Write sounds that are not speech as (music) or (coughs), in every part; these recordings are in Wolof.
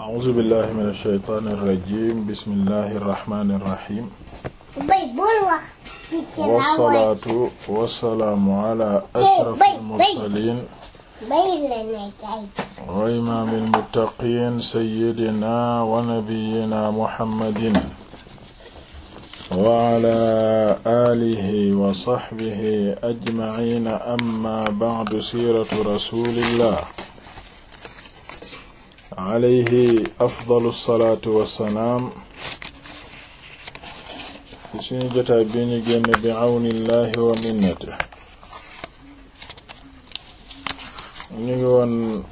a'uuzu billahi mina shaytaani rajiim bismillahi rahmaani rahiim. wasalaatu wasalaamu ala ashrafil mursaliin wa imaamil muttaqiin sayyidina wa nabiyyina muhammadin wa ala aalihi wa sahbihi ajmaciina amma ba'du siiratu rasuulillah. alayhi afdalu salaatu wassalaam ci suñu jotaay bi ñu génn bi awnillahi wa minnati ñu ngi woon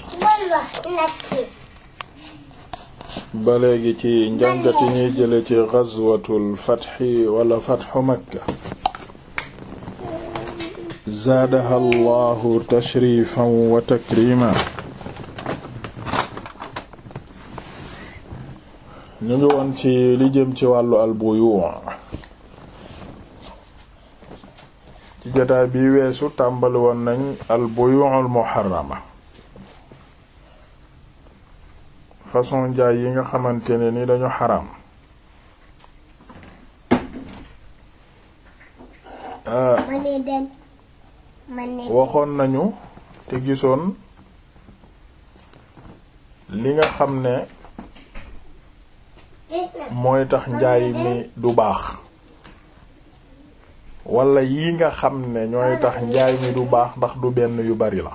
ba léegi ci njàngati ñuy jële ci ghazwatul fathi wala fathu makka zaadaha allahu tashrifan wa takrima ñu ngi woon ci li jëm ci wàllu albuyu ci jotaay bi weesu tàmbaliwoon woon nañ albuyu al muharrama façon jaay yi nga xamante ni dañu xaram waxoon nañu te gisoon li nga xam ne mooy tax njaay mi du baax wala yi nga xam ne ñooy tax njaay mi du baax ndax du benn yu bari la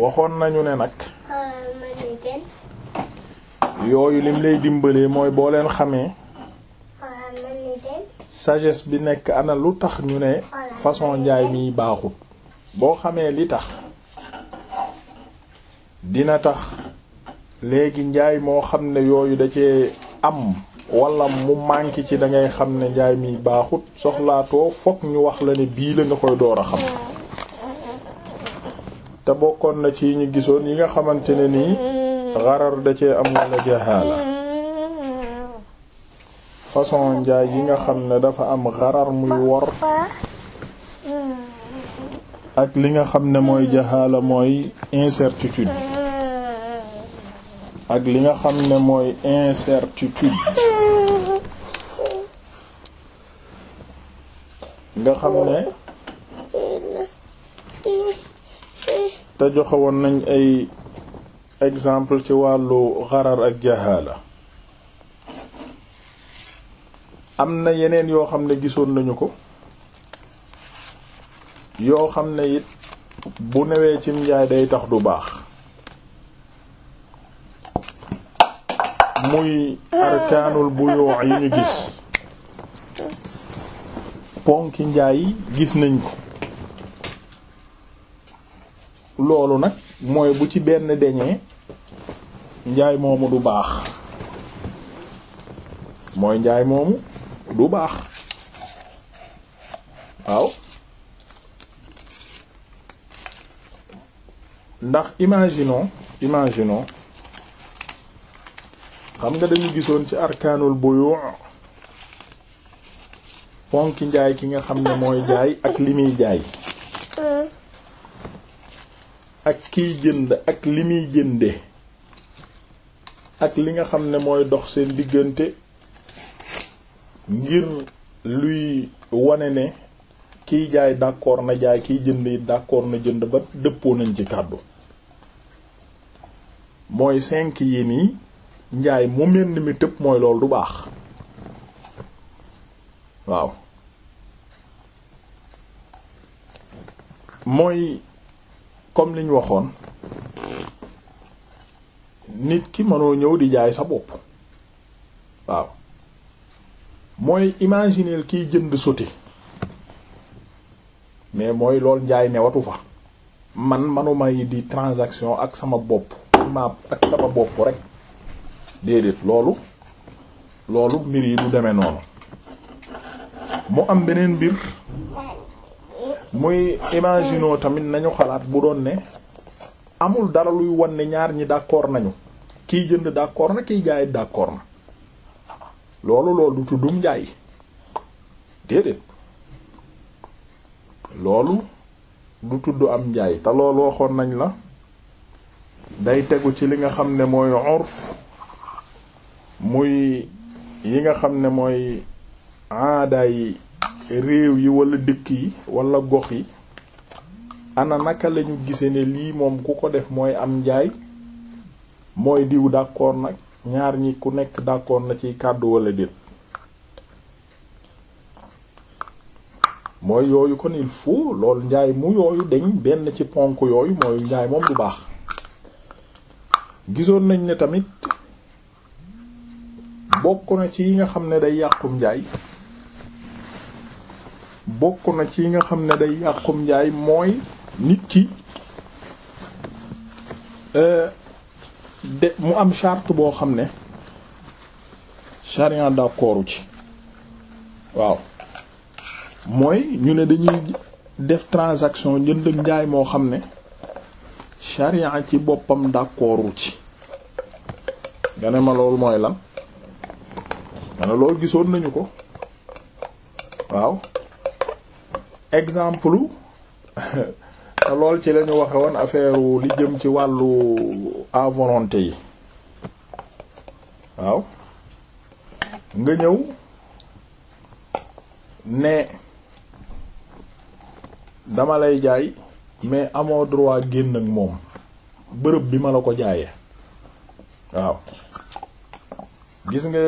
waxoon nañu ne nag yooyu lim lay dimbalee mooy boo leen xamee sagesse bi nekk ana lu tax ñu ne façon njaay miy baaxut boo xamee li tax dina tax léegi njaay moo xam ne yooyu da cee am wala mu manqué ci dangay xam ne njaay mi baaxut soxlaatoo fokk ñu wax la ne bii la nga koy door a xam te bokkoon na ci ñu gisoon yi nga xamante ne nii xarar da cee am wala jahaala façon njaay yi nga xam ne dafa am xarar muy wor ak li nga xam ne mooy jahaala mooy incertitude ak li nga xam ne mooy incertitude nga xam ne te joxe woon nañ ay exemple ci wàllu xarar ak jahaala am na yeneen yoo xam ne gisoon nañu ko yoo xam ne it bu newee cim njaay day tax du baax muy arkaanul buyuu yi ñu gis ponki njaay gis nañ ko loolu nag mooy bu ci benn deñee njaay moomu du baax mooy njaay moomu du baax waaw ndax imaginons imaginons xam nga dañu gisoon ci arkaanul buyu' ponki njaay ki nga xam ne mooy jaay ak li muy jaay ak kiy jënd ak li muy jënde ak li nga xam ne mooy dox seen diggante ngir luy wane ne kiy jaay d'accord na jaay kiy jënd yi d'accord na jënd ba dëppoo nañ ci kàddu mooy cinq yi nii njaay mu mel ni mi tëb mooy loolu du baax waaw mooy comme liñ waxoon nit ki mënoo ñëw di jaay sa bopp waaw mooy imaginer kiy jënd soti mais mooy lool njaay newatu fa man manuma yi di transaction ak sama bopp ak sama bopp rek déedéet loolu loolu mbir yi du demee noonu mu am beneen mbir muy imaginons tamit nañu xalaat bu doon ne amul dara luy wan ne ñaar ñi d'accord nañu kiy jënd d'accord na kiy jaay d'accord na loolu loolu du tuddum jaay déedéet loolu du tudd am njaay te loolu waxoon nañ la day tegu ci li nga xam ne mooy urf muy yi nga xam ne mooy aadaay réew yi walla dëkk yi walla gox yi ana naka lañu gise ne lii moom ku ko def mooy am njaay mooy diw d'accord nag ñaar ñi ku nekk d'accord na ci kàddu walla déet mooy yooyu ko il faut lool njaay mu yooyu dañ benn ci ponk yooyu mooy njaay moom du baax gisoon nañ ne tamit bokk na ci yi nga xam ne day yàqum njaay bokk na ci yi nga xam ne day yàqum njaay mooy nit ki euh, de mu am chart boo xam ne charian d'accordu ci waaw mooy ñu ne dañuy def transaction jënd njaay moo xam ne charia ci boppam d'accordu ci nga ne ma loolu mooy lan mana loolu gisoon nañu ko waaw exemple (laughs) te lool ci lañu waxe woon affaire li jëm ci wàllu à volonté yi waaw nga ñëw ne dama lay jaay mais amoo droit génn ak moom bërëb bi ma la ko jaaye waaw gis nga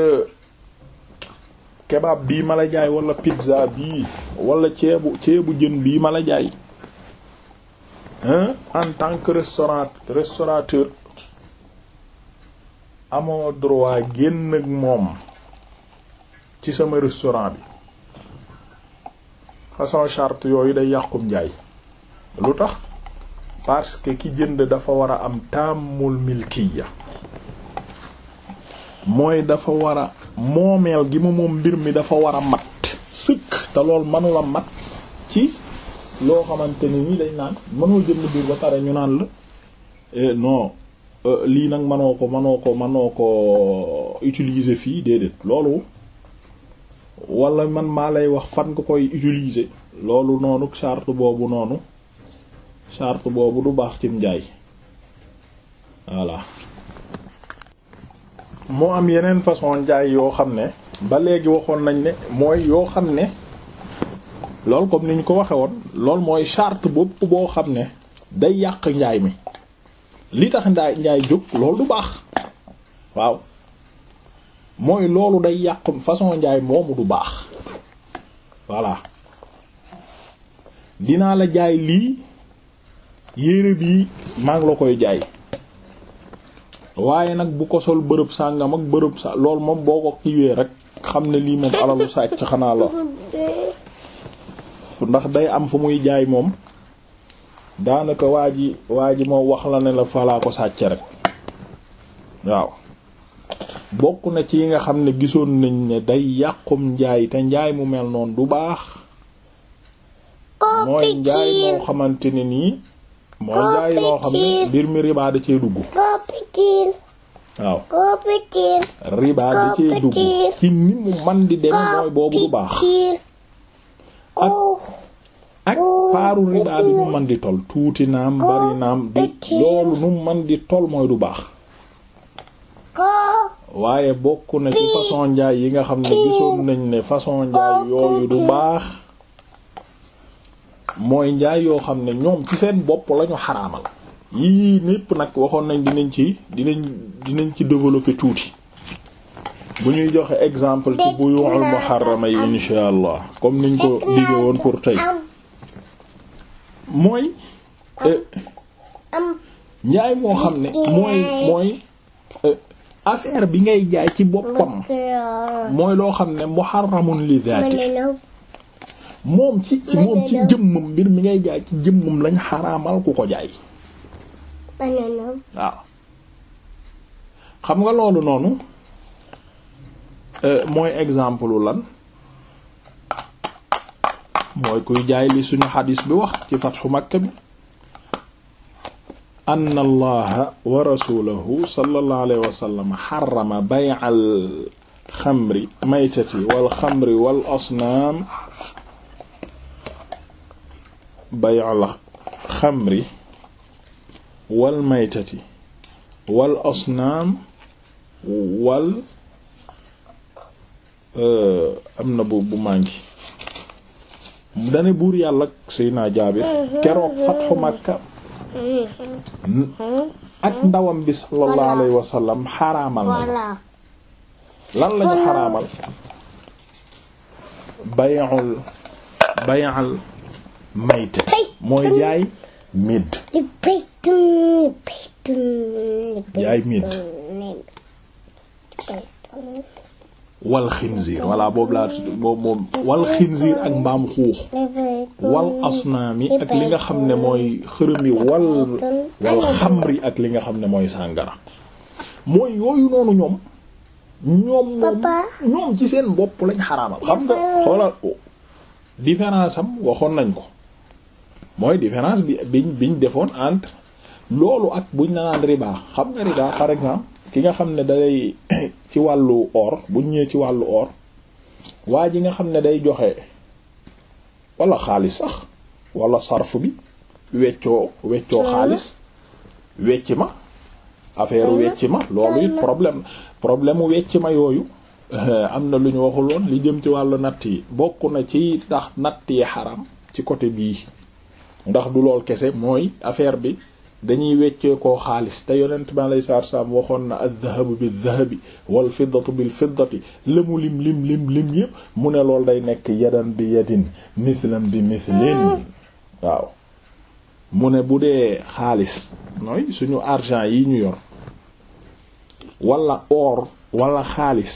kebaab bii ma la jaay wala pizza bii wala ceebu ceebu jën bii ma la jaay en tant que restaurant restaurateur amoo droit génn ak moom ci sama restaurant bi façon chart yooyu day yàqum njaay lu tax parce que ki jënd dafa war a am tàmmul milkiya mooy dafa war a moo moomeel gi ma moom mbir mi dafa war a mat sëkk te loolu manula mat ci loo xamante ni nii dañ naan mënoo jënd biir ba pare ñu naan la eh, no euh, lii nag manoo ko manoo ko manoo ko utiliser fii déedéet loolu wala man maa lay wax fan nga koy utiliser loolu noonu charte boobu noonu charte boobu du baax cim njaay voilà moo am yeneen façon njaay yoo xam ne ba léegi waxoon nañ ne mooy yoo xam ne lool comme ni ñu ko waxe woon lool mooy charte bopp boo xam ne day yàq njaay mi li tax njaay jóg loolu du baax waaw mooy loolu day yàq façon njaay moomu du baax voilà dinaa la jaay lii yére bii maa ngi la koy jaay waaye nag bu ko sol bërëb sàngam ak bërëb sa loolu moom boo ko kiiwee rek xam ne lii moom alalu sàcc xanaa la ndax day am fu muy jaay moom daanaka waa ji waa moo wax la ne la falaa ko sàcc rek waaw bokk na ci yi nga xam ne gisoon nañ ne day yàqum njaay te njaay mu mel noonu du baax mooy njaay moo xamante ne nii mooy jaay loo xam ne mbir mi riba da cee dugg. waaw riba dugg ci ni mu man di dem mooy boobu bu baax ak ak paaru riba bi nu man di tol tuuti naam bari naam du loolu nu man di tol mooy du baax waaye bokk na ci façon njaay yi nga xam ne gisoon nañ ne façon njaay yooyu du baax mooy njaay yoo xam ne ñoom ci seen bopp lañu ñu xaraamal yii népp nag waxoon nañ dinañ ci dinañ dinañ ci développer tuuti bu ñuy joxe exemple ci buyu'ul muharrama yi insha allah comme niñ ko dige woon pour tey mooy eh, njaay moo xam ne mooy mooy eh, affaire bi ngay jaay ci boppam mooy loo xam ne muharramun li zaati moom ci ci moom ci jëmmam mbir mi ngay jaay ci jëmmam lañ xaraamal ku ko jaay waaw xam nga loolu noonu euh, mooy exemple lan mooy kuy jaay li suñu xadis bi wax ci fatxu Makka bi an allaha wa rasulahu sallallahu alayhi wa sallam xarama bay'al xamri maytati wal xamri wal asnaam bay'al xamri wal maytati wal asnaam wal euh, am na bu bu dane buur yàlla Seydina Jaabir keroog fatxu Makka ak ndawam bi sallallahu alayhi wa sallam xaraamal na lan lañu xaraamal bay'ul bay'al mayte mooy jaay mid jaay mid wal xinziir walla boobu laa boobu moom wal xinziir ak mbaam xuux wal asnaami ak li nga xam ne mooy xërëm yi wal wal xamri ak li nga xam ne mooy sàngara mooy yooyu noonu ñoom ñoom ci seen bopp lañ xaraamal xam nga xoolal différence waxoon nañ ko mooy différence bi bi biñ defoon entre loolu ak buñ la naan riba xam nga riba par exemple ki nga xam ne day (coughs) ci wàllu or buñ ñëwee ci wàllu or waa ji nga xam ne day joxe wala xaalis sax wala sarf bi weccoo weccoo xaalis wecci ma affaire wecc ma loolu it problème problème wecc ma yooyu (laughs) am na lu ñu waxuloon li jëm ci wàllu natt yi bokk na ci tax natt yi xaram ci côté bii ndax du lool kese mooy affaire bi dañuy weccee koo xaalis te yonent bi alayhi salaatu wassalaam waxoon na adh-dhahabu bidh-dhahabi wal fiddatu bil fiddati la mu lim lim lim lim yëpp mu ne lool day nekk yadan bi yadin mithlan bi mithlin waaw mu ne bu dee xaalis mooy suñu argent yi ñu yor wala or wala xaalis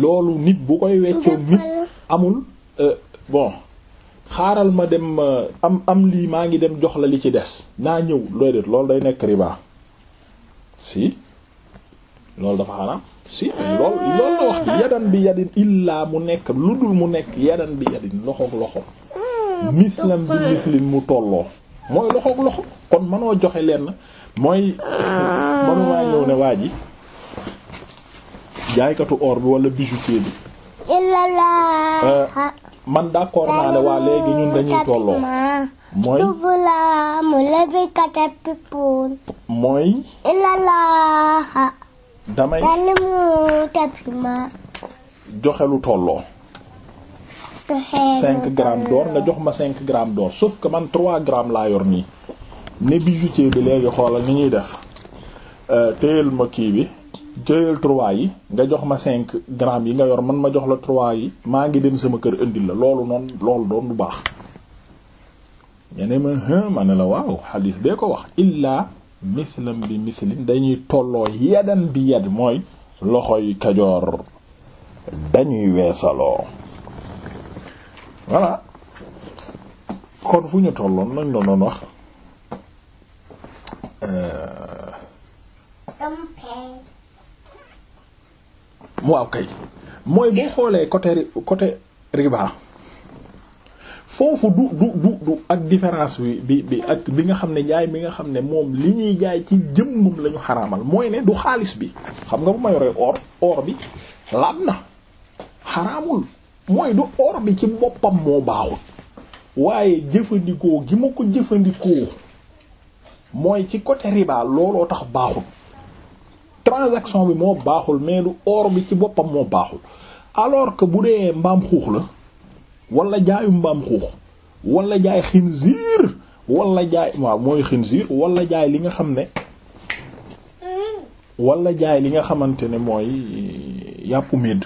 loolu nit bu koy weccoo nit amul euh, bon xaaral ma dem euh, am am lii maa ngi dem jox la li ci des naa ñëw looy déet loolu day nekk riba si loolu dafa xaraam si lool loolu la wax yadan bi yadin illaa mu nekk lu dul mu nekk yadan bi yadin loxoog loxo hmm, mislam bi mislim mu tolloo mooy loxoog loxo kon mënoo joxe lenn mooy ah. mënumaa ñëw ne waa ji jaaykatu or bi wala bijoutier bi man d'accord naa ne waa léegi ñun dañuy tolloo mooy mooy damay joxe lu tolloo cinq grammes d'or nga jox ma cinq grammes d'or sauf ko man trois grammes laa yor nii ne bijoutier bi léegi xoolal ni ñuy def euh, téyel ma kii bi jëlal trois yi nga jox ma cinq grammes yi nga yor man ma jox la trois yi maa ngi dem sama kër indil la loolu noonu loolu doon bu baax ñene ma ma ne la waaw xadiis bee ko wax illaa mislam bi mislin dañuy tolloo yadan bi yad mooy loxoy kajoor dañuy weesaloo voilà kon fu ñu tolloon lañ la doon wax euh, waaw kay mooy boo xoolee côté côté riba foofu du du du ak différence bi bi ak bi nga xam ne njaay mi nga xam ne moom li ñuy jaay ci jëmmam lañu ñu xaraamal mooy ne du xaalis bi xam nga bu ma yoree or or bi laab na xaraamul mooy du or bi ci boppam moo baaxul waaye jëfandikoo gi ma ko jëfandikoo mooy ci côté riba looloo tax baaxul transaction bi moo baaxul mais du or bi ci boppam moo baaxul alors que bu dee mbaam xuux la walla jaayu mbaam xuux wala jaay xinziir walla jaay waaw mooy xinziir wala jaay li nga xam ne wala jaay li nga xamante ne mooy yàppu medd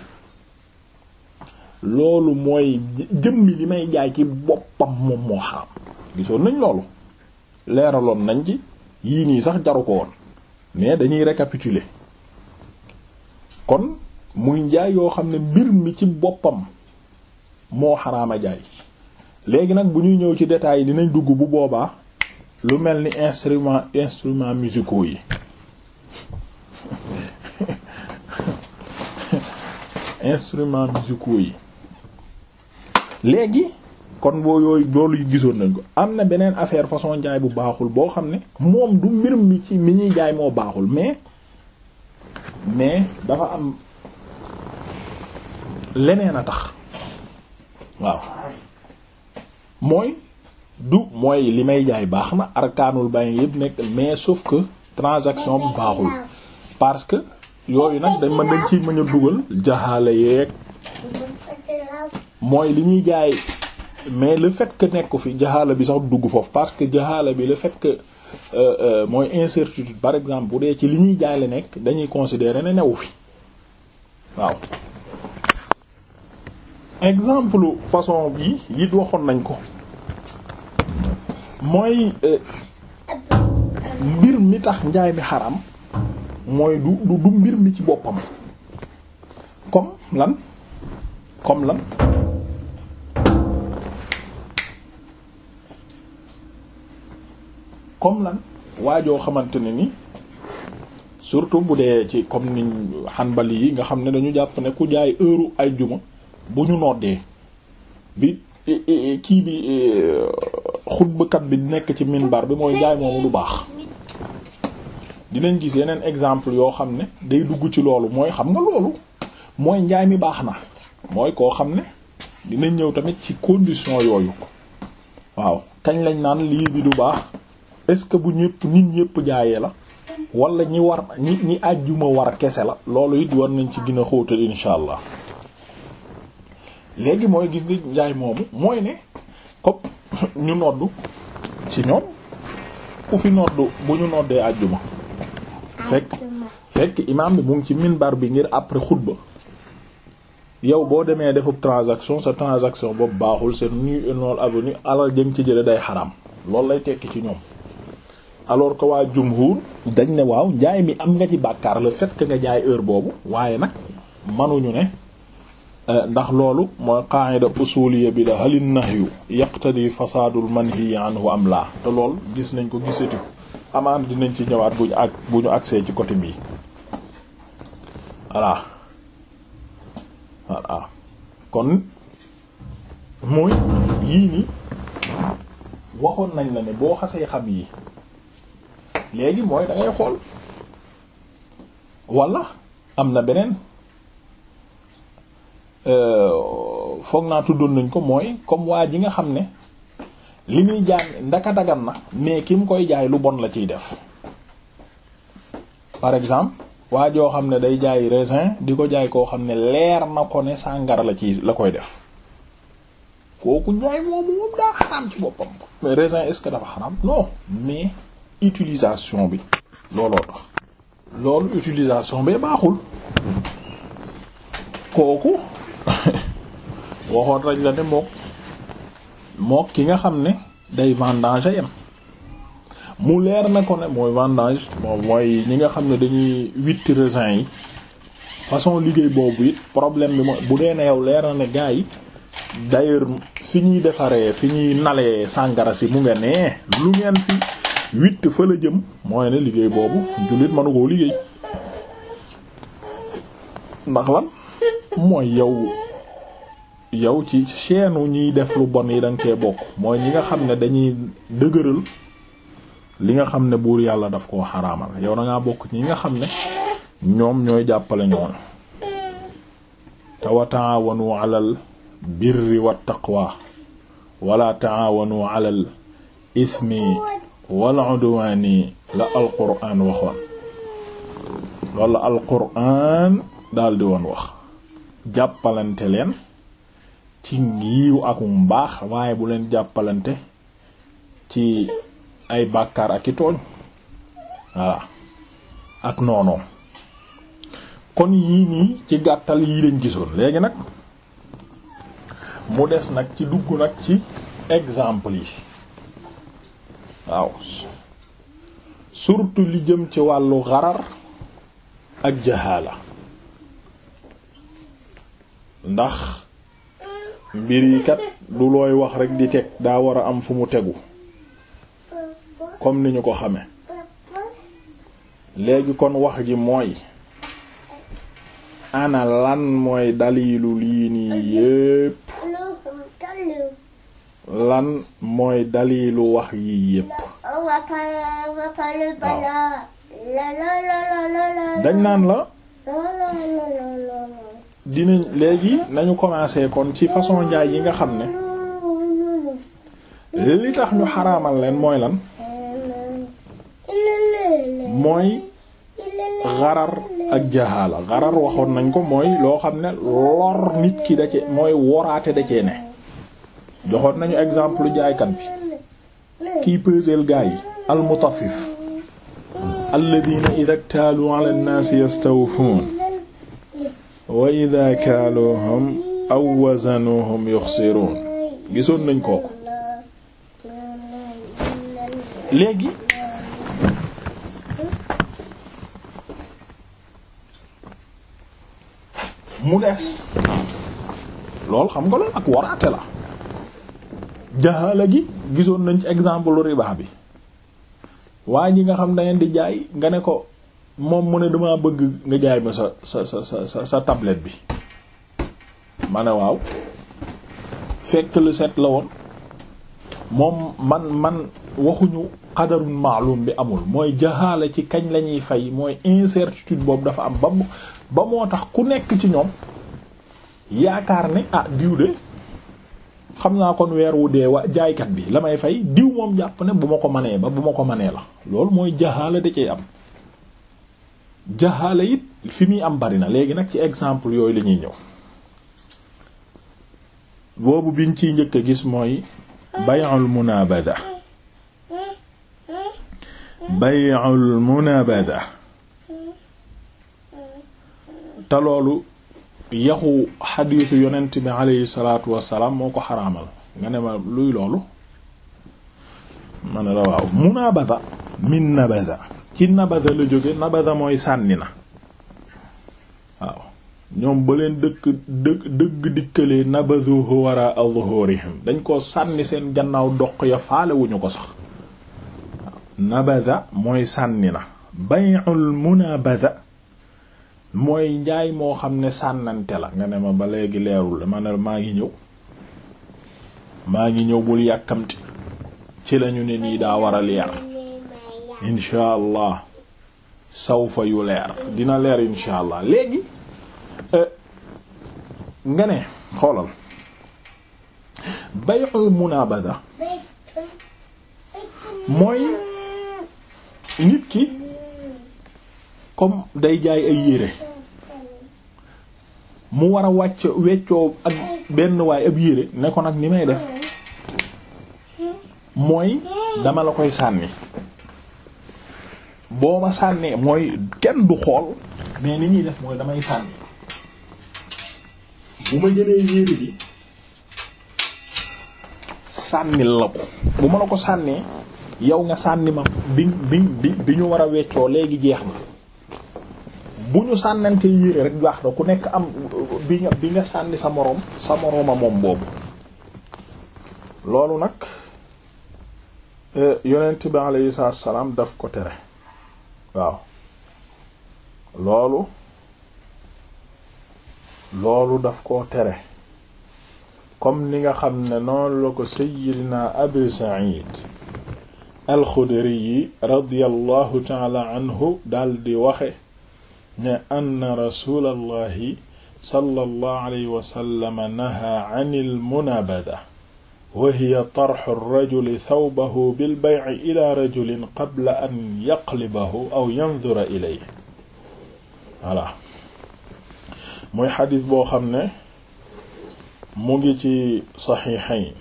loolu mooy jëmmi li may jaay ci boppam moom moo xaram gisoon nañ loolu leeraloon nañ ci yii nii sax jaru ko woon mais dañuy récapituler kon muy njaay yoo xam ne mbir mi ci boppam moo xaraama jaay léegi nag bu ñuy ñëw ci détails yi dinañ dugg bu boobaa lu mel ni instrument instruments musicaux yi (laughs) instruments musicaux yi léegi kon boo yooyu loolu gisoon nañ ko am na beneen affaire façon jaay bu baaxul boo xam ne moom du mbir mi ci mi ñuy jaay moo baaxul mais mais dafa am leneen a tax waaw mooy du mooy li may jaay baax na arkaanul bayn yëpp nekk mais sauf que transaction bu baaxul parce que yooyu nag dañ mën dañ ci mën a dugal jaxaale yeeg mooy li ñuy jaay mais le fekk que nekku fi jaxaala bi sax dugg foofu parce que jaxaala bi la fekk que euh, euh, mooy incertitude par exemple bu dee ci li ñuy jaay la nekk dañuy considérer ne newu fi waaw exemple façon bi it waxoon nañ ko mooy euh, mbir mi tax njaay mi xaram mooy du du mbir mi ci boppam comme lan comme lan comme lan waajoo xamante ne ni surtout bu dee ci comme ni xanbali yi nga xam ne dañu jàpp ne ku jaay heure ay juma bu ñu noddee bi kii bi e, xutbakat bi nekk ci minbar bi mooy jaay moomu du baax dinañ gis yeneen exemple yoo xam ne day dugg ci loolu mooy xam nga loolu mooy njaay mi baax na mooy koo xam ne dinañ ñëw tamit ci condition yooyu waaw kañ lañ naan lii bi du baax est-ce que bu ñëpp nit ñëpp jaayee la walla ñi war ñi ñi àjjuma war kese la loolu it war nañ ci gën a xóotal insha allah léegi mooy gis ni njaay moomu mooy ne comme ñu noddu ci ñoom ku fi noddu bu ñu noddee àjjuma fekk fekk imaam bi mu ngi ci minbar bi ngir après xutba yow boo demee defub transaction sa transaction boobu baaxul seen nu nool avenue alal jëng ci jële day xaram loolu lay tekki ci ñoom alors que waa jumhur dañ ne waaw njaay mi am nga ci bàkkaar le fait que nga jaay heure boobu waaye nag ñu ne euh, ndax loolu mooy qaa'ida usuliya bi la halin nahyu yaqtadi fasaadul manhi anhu am laa te lool gis nañ ko gisati amaan dinañ ci ñëwaat buñu ak bu ñu agsee ci côté bii voilà voilà kon mooy yii ni waxoon nañ la ne boo xasee xam yi léegi mooy da xool wala am na beneen euh, foog naa tuddoon nañ ko mooy comme waa ji nga xam ne li muy jaay ndaka dagan na mais ki mu koy jaay lu bon la ciy def par exemple waa joo xam ne day jaayi raisin di ko jaay koo xam ne leer na ko ne sàngara la ci la koy def kooku ñooy moom daa xaraam ci boppam mais raisin est-ce que dafa xaraam non mais utilisation bi looloo loolu utilisation bi baaxul kooku (laughs) waxoon raj la ne mook mook ki nga xam ne day vendange yam mu leer na ko ne mooy vendange moom mooy ñi nga xam ne dañuy witti raisin yi façon liggéey boobu it problème bi mooy bu dee ne yow leer na ne gars yi d'ailleurs fi ñuy defaree fi ñuy nalee sàngara si mu nga nee lu ngeen fi huit fa la jëm mooy ne liggéey boobu jullit manu koo liggéey ndax lan mooy yow yow ci wu ñuy def lu bon yi da nga bokk mooy ñi nga xam ne dañuy dëgëral li nga xam ne buur yàlla daf koo xaraamal yow da ngaa bokk ñi nga xam ne ñoom ñooy jàppale ñoon te wa taawanu alal birri wat taqwa wala taawanu alal ismi walla udwaani la alquraan waxoon wala alquraan daldi woon wax jàppalante leen ci ngiiw ak baax waaye bu leen jàppalante ci ay bàkkaar ak i tooñ voilà ak noonoom kon yii nii ci gàttal yii lañ gisoon léegi nag mu des nag ci dugg nag ci exemple yi waaw surtout li jëm ci wàllu xarar ak jahaala ndax mbir kat du looy wax rek di teg daa war a am fu mu tegu comme ni ñu ko xame léegi kon wax ji mooy ana lan mooy daliilu lii nii yépp lan mooy dalilu wax yi yépp waaw dañ naan la dinañ léegi nañu commencer kon ci façon njaay yi nga xam ne li tax ñu xaramal leen mooy lan mooy xarar ak jaxaala xarar waxoon nañ ko mooy loo xam ne lor nit ki da mooy woraate da cee ne joxoon nañu exemple jaaykat bi kiy peseel gaa yi almutaffif alladina ida ktaaluu ala nnaasi yastawfuun wa ida kaaluuhum aw wazanuhum yuxsiruun gisoon nañ kooku léegi mu des lool xam nga lool ak waraate la jaxala gi gisoon nañ ci exemple lu riba bi waa ji nga xam da ngeen di jaay nga ne ko moom mu ne dama bëgg nga jaay ma sa sa sa sa sa tablette bi mane ne waaw fekk lu set la woon moom man man waxuñu xadarun maalum bi amul mooy jaxaala ci kañ lañuy ñuy fay mooy incertitude boobu dafa am ba ba moo tax ku nekk ci ñoom yaakaar ne ah diw xam naa kon weer wu dee wa jaaykat bi la may fay diw moom jàpp ne bu ma ko manee ba bu ma ko manee la loolu mooy jaxaala da cee am jaxaala it fi muy am bari na léegi nag ci exemple yooyu la ñuy ñëw boobu biñ ciy njëkk a gis mooy bay'ul munabada bay'ul munabada te loolu yaxu xadiisu yonent bi alayhi salaatu wassalaam moo ko xaraamal nga ne ma luy loolu ma ne la waaw munabada min nabada ci nabada la jóge nabada mooy sànni na waaw ñoom ba leen dëkk dëkk dëgg dikkalee nabaduhu wara adhurihim dañ ko sànni seen gannaaw doq ya faalewuñu ko sax nabada mooy sànni na bay'ul munabada mooy njaay moo xam ne sànnante la nga ne ma ba léegi leerul dama ne maa ngi ñëw maa ngi ñëw bul yàkkamti ci lañu ne nii daa war a leer insha sawfa yu leer dina leer insha allah léegi euh, nga ne xoolal bay'ul munabada mooy nit ki comme day jaay ay yére mu war a wàcc weccoo ak benn waay ab yére ne ko nag ni may def mooy dama la koy sànni boo sànnee mooy kenn du xool mais ni ñuy def mooy damay sànni bu ma jëlee yére bi sànnil la ko bu ma la ko sànnee yow nga sànni ma bi bi bi ñu war a weccoo léegi jeex na bu ñu sànnante yére rek baax na ku nekk am bi nga bi nga sànni sa moroom sa morooma moom boobu loolu nag e, yonent bi alayhi salaatu daf ko tere waaw loolu loolu daf koo tere comme ni nga xam ne noonu la ko Seydina Abu Sa'id al-Khudri yi radiyallahu ta'ala anhu daldi waxe ne anna rasulallahi sallallahu alayhi wa sallam naha anil munabada wa hiya tarxu rajuli thawbahu bil bay'i ila rajulin qabla an yaqlibahu aw yanzura ilayhi voilà muy xadis boo xam ne mu ngi ci saxiixayn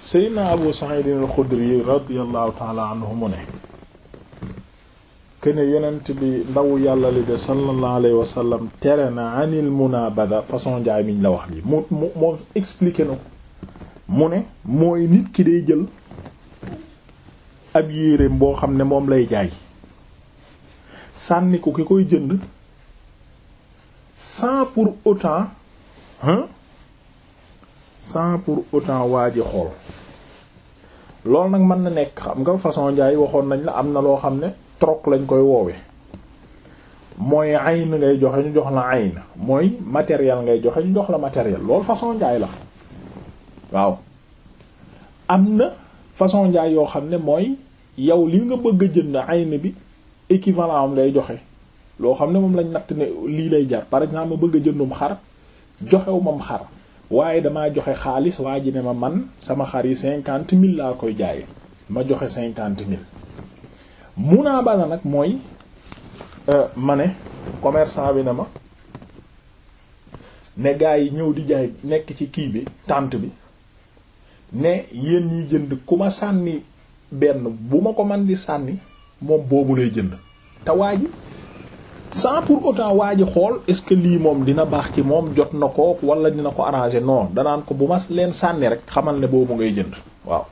seydna abu sa'id al-xudri radiyallahu ta'ala anhu mu ne këne yenent bi ndaw yàlla li de sallallahu alayhi wa sallam tere na anil munabada façon njaay miñ la wax li mu mu moom expliqué na ko mu ne mooy nit ki day jël ab yéreem boo xam ne moom lay jaay sànni ko ki koy jënd sans pour autant hein sans pour autant waa ji xool loolu nag mën na nekk xam nga façon njaay waxoon nañ la am na loo xam ne troc lañ koy woowe mooy ayn ngay joxe ñu jox la ayn mooy matériel ngay joxe ñu jox la matériel loolu façon njaay la waaw am na façon njaay yoo xam ne mooy yow li nga bëgg a jënd ayn bi équivalent am ngay joxe loo xam ne moom lañ natt ne lii lay jar par exemple ma bëgg a jëndum xar joxew mam xar waaye damaa joxe xaalis waa ji ne ma man sama xar yi cinquante mille laa koy jaayee ma joxe cinquante mille munaabaza nag mooy euh, ma ne commerçant bi ne ma ne gaa yi ñëw di jaay nekk ci kii bi tànt bi ne yéen ñiy jënd ku ma sànni benn bu ma ko man di sànni moom boobu lay jënd te waa ji sans pour autant waa ji xool est-ce que lii moom dina baax ci moom jot na ko wala dina ko arranger non danaan ko bu ma leen sànni rek xamal ne boobu ngay jënd waaw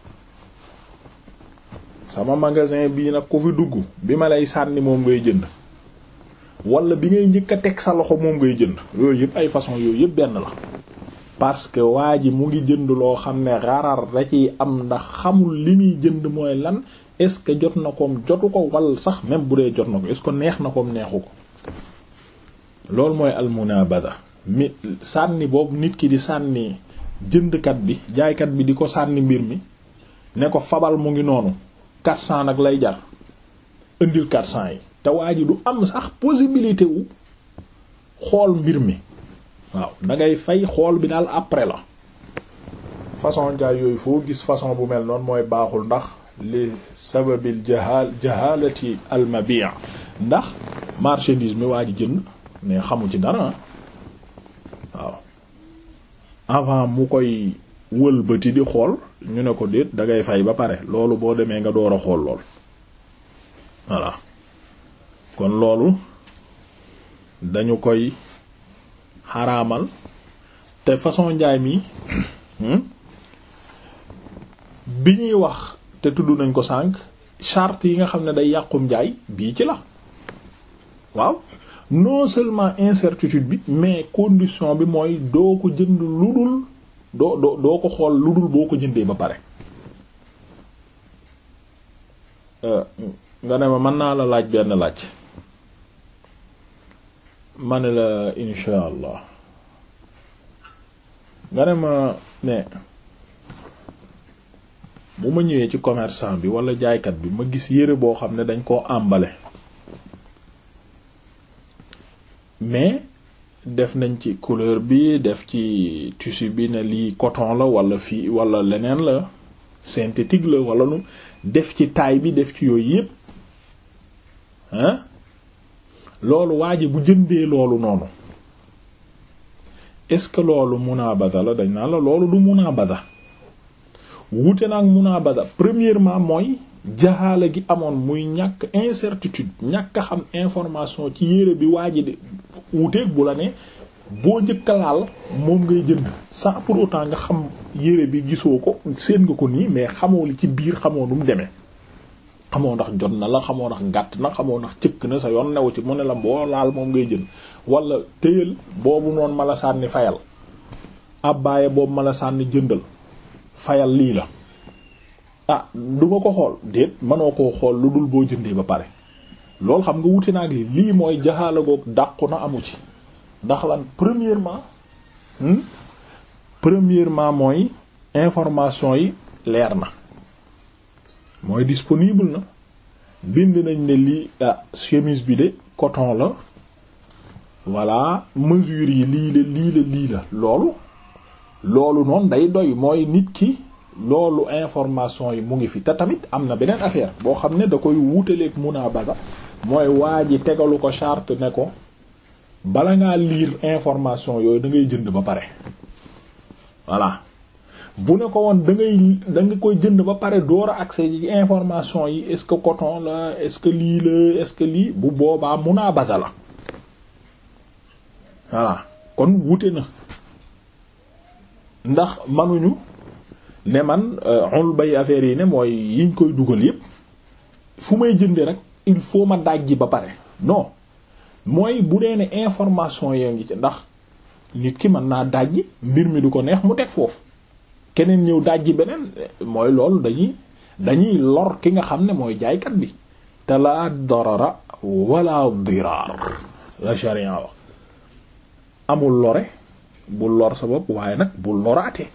sama magasin bii nag ku fi dugg bi ma lay sànni moom ngay jënd wala bi ngay jëkk a teg sa loxo moom ngay jënd yooyu yëpp ay façon yooyu yëpp benn la parce que waa ji mu ngi jënd loo xam ne xarar da ciy am ndax xamul li muy jënd mooy lan est-ce que jot na koom jotu ko wala sax même bu dee jot na ko est neex na koom neexu ko loolu mooy almunabada mi sànni boobu nit ki di sànni jëndkat bi jaaykat bi di ko sànni mbir mi ne ko fabal mu ngi noonu quatre cent nag lay jar indil quatre cent yi te waa ji du am sax possibilité wu xool mbir mi waaw da ngay fay xool bi daal après la façon jaay yooyu foo gis façon bu mel noonu mooy baaxul ndax li sababil jahaal jahalati al ndax marchandise mi waa ji jënd mais xamu ci dara waaw avant mu koy wëlbati di xool ñu ne ko déet dangay fay ba pare loolu boo demee nga door a xool lool voilà kon loolu dañu koy xaraamal te façon njaay mi hmm, bi ñuy wax te tudd nañ ko sànq chart yi nga xam ne day yàqum njaay bii ci la waaw non seulement incertitude bi mais condition bi mooy doo ko jënd ludul doo doo doo ko xool lu dul boo ko jëndee ba pare euh, nga ne ma mën naa la laaj benn laaj ma ne la insha allah nga ne ma ne bu ma ñëwee ci commerçant bi wala jaaykat bi ma gis yére boo xam ne dañ koo àmbale mais def nañ ci couleur bi def ci tissu bi ne lii coton la wala fii walla leneen la synthétique la walla nu def ci taay bi def ci yooyu yépp hein loolu waa ji bu jëndee loolu noonu est-ce que loolu munabada la dañ naan la loolu du munabada wuute na ak munabada premièrement mooy jaxaala gi amoon muy ñàkk incertitude ñàkk xam information ci yére bi waa ji wuuteeg bu la ne boo njëkk laal moom ngay jënd sans pour autant nga xam yére bi gisoo ko seen nga ko nii mais xamoo li ci biir xamoo nu deme demee. xamoo ndax jot na la xamoo ndax gàtt na xamoo ndax cëkk na sa yoon newu ci mu ne la boo laal moom ngay jënd walla téyal boobu noonu ma la sànni fayal abbaaya boobu ma la sànni jëndal fayal lii la ah du ma ko xool déet mënoo koo xool lu dul boo jëndee ba pare. loolu xam nga wuti naag li lii mooy jaxaala googu dàqu na amu ci ndax lan premièrement hmm? premièrement mooy information yi leer na mooy disponible na bind nañ ne lii ah chemise bi de coton la voilà mesure yi lii la lii la lii la loolu loolu noonu day doy mooy nit ki loolu information yi mu ngi fi te tamit am na beneen affaire boo xam ne da koy wuutaleeg munaa baga mooy waa ji tegalu ko charte ne ko bala ngaa liir information yooyu da ngay jënd ba pare voilà bu ne ko woon da ngay da nga koy jënd ba pare door a accès ci information yi est-ce que coton la est-ce que lii la est-ce que lii bu boobaa munaa basa la voilà kon wute na ndax manuñu ne man xonlu euh, bay affaires yi ne mooy yiñ koy dugal yëpp fu may jënde rek il faut ma dajji ba pare non mooy bu dee information yaa ngi ci ndax nit ki mën naa dajji mbir mi du ko neex mu teg foofu keneen ñëw dajji beneen mooy loolu dañuy dañuy lor ki nga xam ne mooy jaaykat bi te la darara wala diraar la sharia wax amul lore bu lor sa bopp waaye nag bu loraate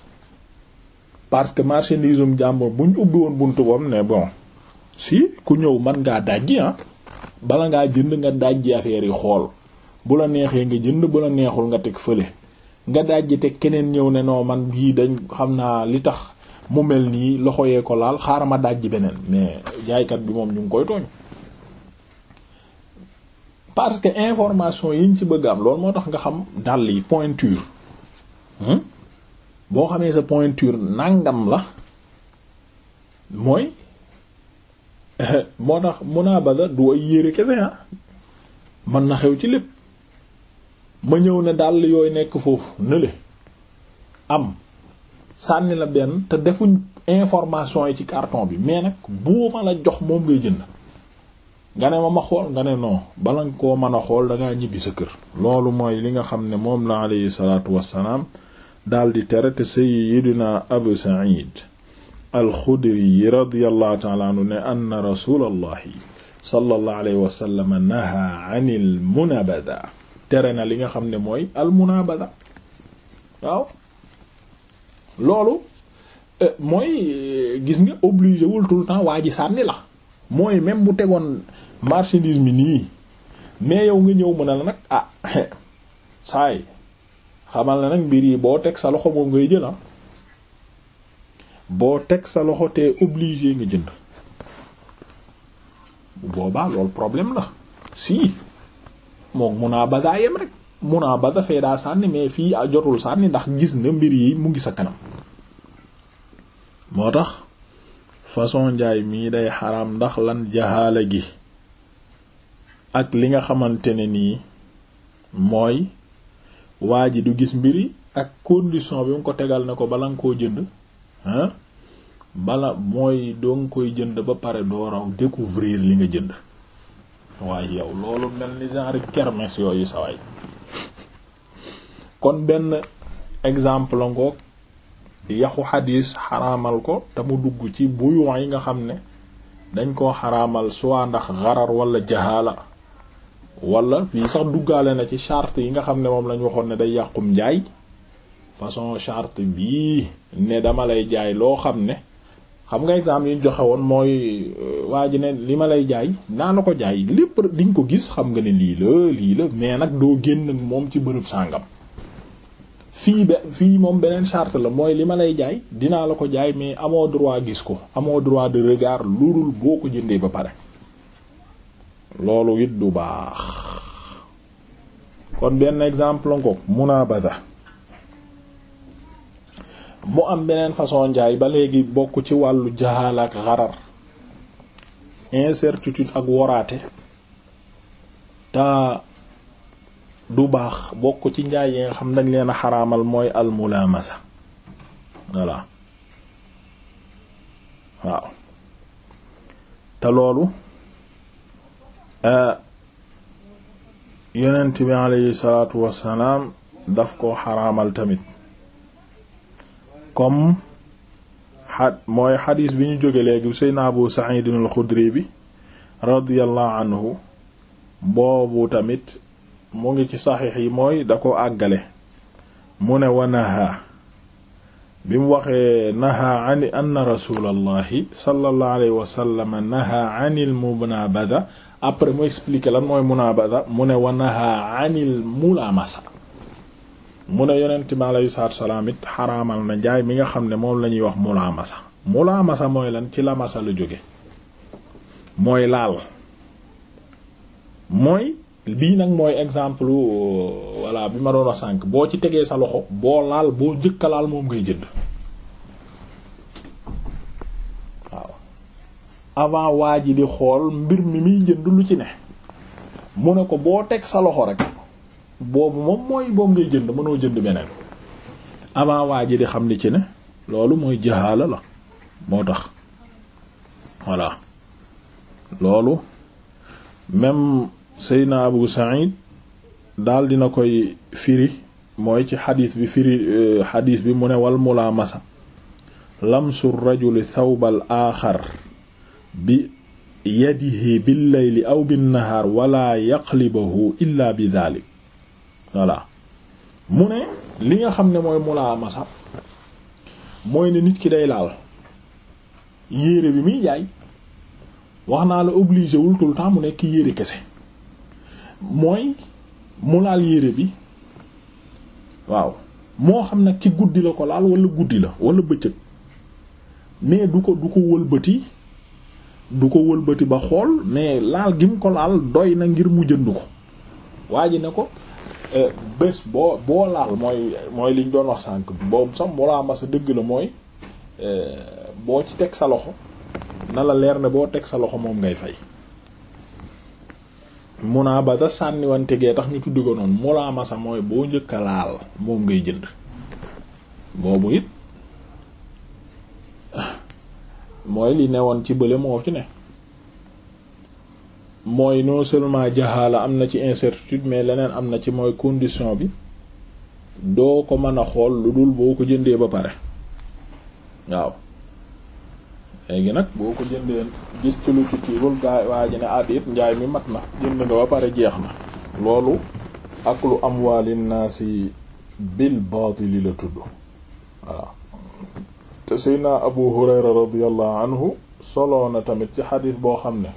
parce que marchandisum jàmbur buñ ubbi woon buntu bam ne bon si ku ñëw man ngaa dajji ah bala ngaa jënd nga dajji affaire yi xool bu la neexee nga jënd bu la neexul nga teg fële nga dajji teg keneen ñëw ne non man yii dañ xam naa li tax mu mel nii loxo yee ko laal xaaral ma dajji beneen mais jaaykat bi moom ñu ngi koy tooñ parce que information yi ñu ci bëgg am loolu moo tax nga xam dàll yi pointure hmm? boo xamee sa pointure nàngam la mooy. (laughs) moo tax munaabada du ay yére kese ah mën na xew ci lépp ma ñëw ne dàll yooyu nekk foofu nële am sànni la benn te defuñ information yi ci carton bi mais nag boo la jox moom ngay jënd nga ne ma ma xool nga ne non bala nga koo mën a xool dangaa ñibbi sa kër loolu mooy li nga xam ne moom la alayhi salaatu dal di tere te sayyidina Abu Sa'id alxudri radiyallahu taala anhu ne anna rasulallahi sallallahu alayhi wa sallam naha anil tere na li nga xam ne mooy al munabada waaw loolu eh, mooy eh, gis nga obligé wul tout le temps waa ji sànni la mooy même bu tegoon marchandise mi nii mais yow nga ñëw mën a la nag ah (laughs) saay xamal na nag mbir yi boo teg sa loxo moom ngay jëla ah. boo teg sa loxo te obligé nga jënd bu boobaa loolu problème la sii mook mun naa ba daa yem rek mun naa ba dafee daa sànni mais fii jotul sànni ndax gis na mbir yi mu ngi sa kanam moo tax façon njaay mii day xaram ndax lan jaxaala gi ak li nga xamante ne nii mooy waa ji du gis mbiri ak condition bi mu ko tegal na ko bala nga koo jënd hein bala mooy doo koy jënd ba pare doo raw découvrir li nga jënd waay yow loolu mel ni genre kermesse yooyu saway kon benn exemple ngoog yaxu xadiis xaraamal ko te mu dugg ci buyuwaay yi nga xam ne dañ koo xaramal soit ndax xarar wala jahaala wala fii sax duggaale na ci charte yi nga xam ne moom lañu waxoon ne day yàqum njaay façon charte bii ne dama lay jaay loo xam ne xam nga exemple yi joxe woon mooy euh, waa ji ne li ma lay jaay naa la ko jaay lépp di nga ko gis xam nga ne lii la lii la mais nag doo génn moom ci bërëb sàngam fii be fii moom beneen charte la mooy li ma lay jaay dinaa la ko jaay mais amoo droit gis ko amoo droit de regard loolul boo ko jëndee ba pare loolu it du baax kon benn exemple la ko munabada mu am beneen façon njaay ba léegi bokk ci wàllu jaxaal ak xarar incertitude ak woraate ta du baax bokk ci njaay yi nga xam dañ leen xaramal mooy almulamasa voilà waaw te loolu eh, yonent bi aleyhi salaatu wassalaam daf ko xaraamal tamit comme a mooy xadis bi ñu jóge léegi Seydina Abu Sa'id al-Khudri bi boobu tamit mu ngi ci saxiix yi mooy da ko àggale mu ne wa naha bi mu waxee naha an anna rasulallahi sallallahu alayhi wa sallam naha anil munabada après mu expliqué lan mooy munabada mu ne wa naha anil mulamasa mu ne yonent bi alayhi salaatu salaam it xaraamal na njaay mi nga xam ne moom la ñuy wax mulaamasa masa mooy lan ci la masa la jóge mooy laal mooy bii nag mooy exemple walla bi ma doon wax sànk boo ci tegee sa loxo boo laal boo njëkka laal moom ngay jënd waaw avant waa ji di xool mbir mi muy jënd lu ci ne mu ne ko boo teg sa loxo rek boobu moom mooy boobu ngay jënd mënoo jënd beneen avant waa ji di xam li ci ne loolu mooy jaxaala la moo tax voilà loolu même Seydina Abu Sa'id daal dina koy firi mooy ci xadiis bi firi euh, xadiis bi mu ne wal mulaa masa lamsu rajuli thawbal aaxar bi yadihi bil layli aw bin nahaar wala yaqlibahu illa bi dhalik voilà mu ne li nga xam ne mooy mulaa masa mooy ne nit ki day laal yére bi muy jaay wax naa la obligé wul tout le temps mu nekk yére kese mooy mu laal yére bi waaw moo xam nag ki guddi la ko laal walla guddi la wala bëccëg mais du ko du ko wëlbati du ko wëlbati ba xool mais laal gi mu ko laal doy na ngir mu jënd ko waa ji ne ko Euh, bés boo boo laal mooy mooy liñ doon wax sànq boobu sax moo laa masa dëgg la mooy euh, boo ci teg sa loxo na la leer ne boo teg sa loxo moom ngay fay munaa ba da sànniwante gee tax ñu tuddi ko noonu moo laa masa mooy boo njëkk a laal moom ngay jënd boobu it ah, mooy li newoon ci bële moo fi ne mooy noo seulement jaxaala am na ci incertitude mais leneen am na ci mooy condition bi doo ko mën a xool lu dul boo ko jëndee ba pare waaw léegi nag boo ko jëndee gis ci lu ci kiibul gaay waa ne àddit njaay mi mat na jënd nga ba pare jeex na loolu ak lu amwaalin naasi bil baatili la tudd voilà te Seydina Abu Hurayra radiyallahu anhu solo na tamit ci xadiis boo xam ne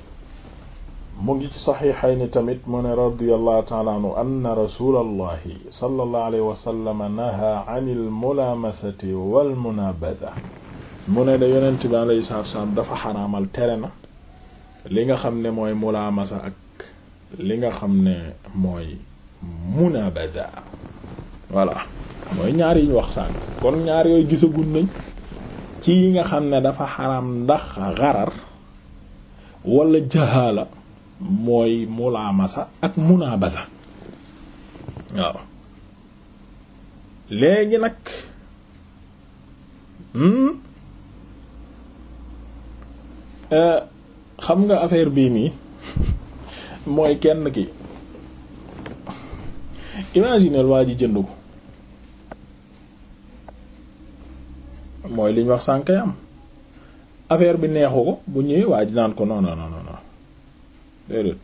mu ngi ci saxiixayni tamit mu ne radiyallahu taala anhu anna rasulallahi sallallahu alayhi wasallama naha anil mulaamasati wal mu ne da yonent bi alayhi salaatu wasalaam dafa xaraamal tere na li nga xam ne mooy mulaamasa ak li nga xam ne mooy munaabada voilà mooy ñaar yi ñu wax kon ñaar yooyu gisagun nañ ci yi nga xam ne dafa xaraam ndax xarar wala jahaala mooy mulaamasa ak munaabasa waaw léegi nag hmm? euh, xam nga affaire bii nii (laughs) mooy kenn ki imagineel waa ji jënd ko mooy li wax sànk am affaire bi neexu ko bu ñëwee waa ji naan ko non non déedéet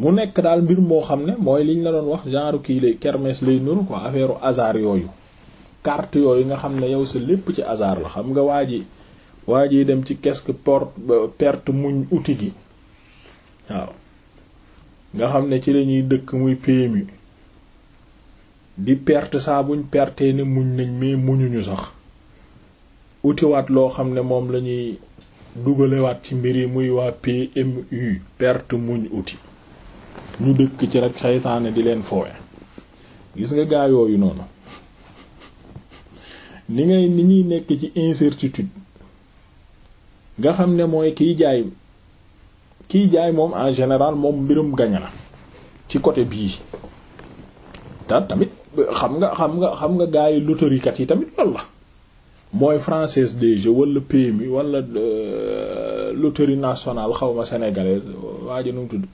mu nekk daal mbir moo xam ne mooy liñ la doon wax genre kii lay kermesse lay nuru quoi affaire hasard yooyu carte yooyu nga xam ne yow sa lépp ci hasard la xam nga waa ji waa ji dem ci kesque porte perte muñ outil gi waaw nga xam ne ci lañuy dëkk muy PMU di perte saabuñ perte pertee ne muñ nañ mais muñuñu sax utiwaat loo xam ne moom la ñuy dugalewaat ci mbir yi muy waa PMU perte muñ uti ñu dëkk ci rek saytaane di leen foowe gis nga gaa yooyu noonu ni nga ni ñuy nekk ci incertitude nga xam ne mooy kiy jaay kiy jaay moom en général moom mbirum gaña la ci côté bii te tamit xam nga xam nga xam nga gaa yi loterikat yi tamit lool mooy française des jeux wala PMU wala euh, loterie nationale xawma ma sénégalaise waa ji nu mu tudd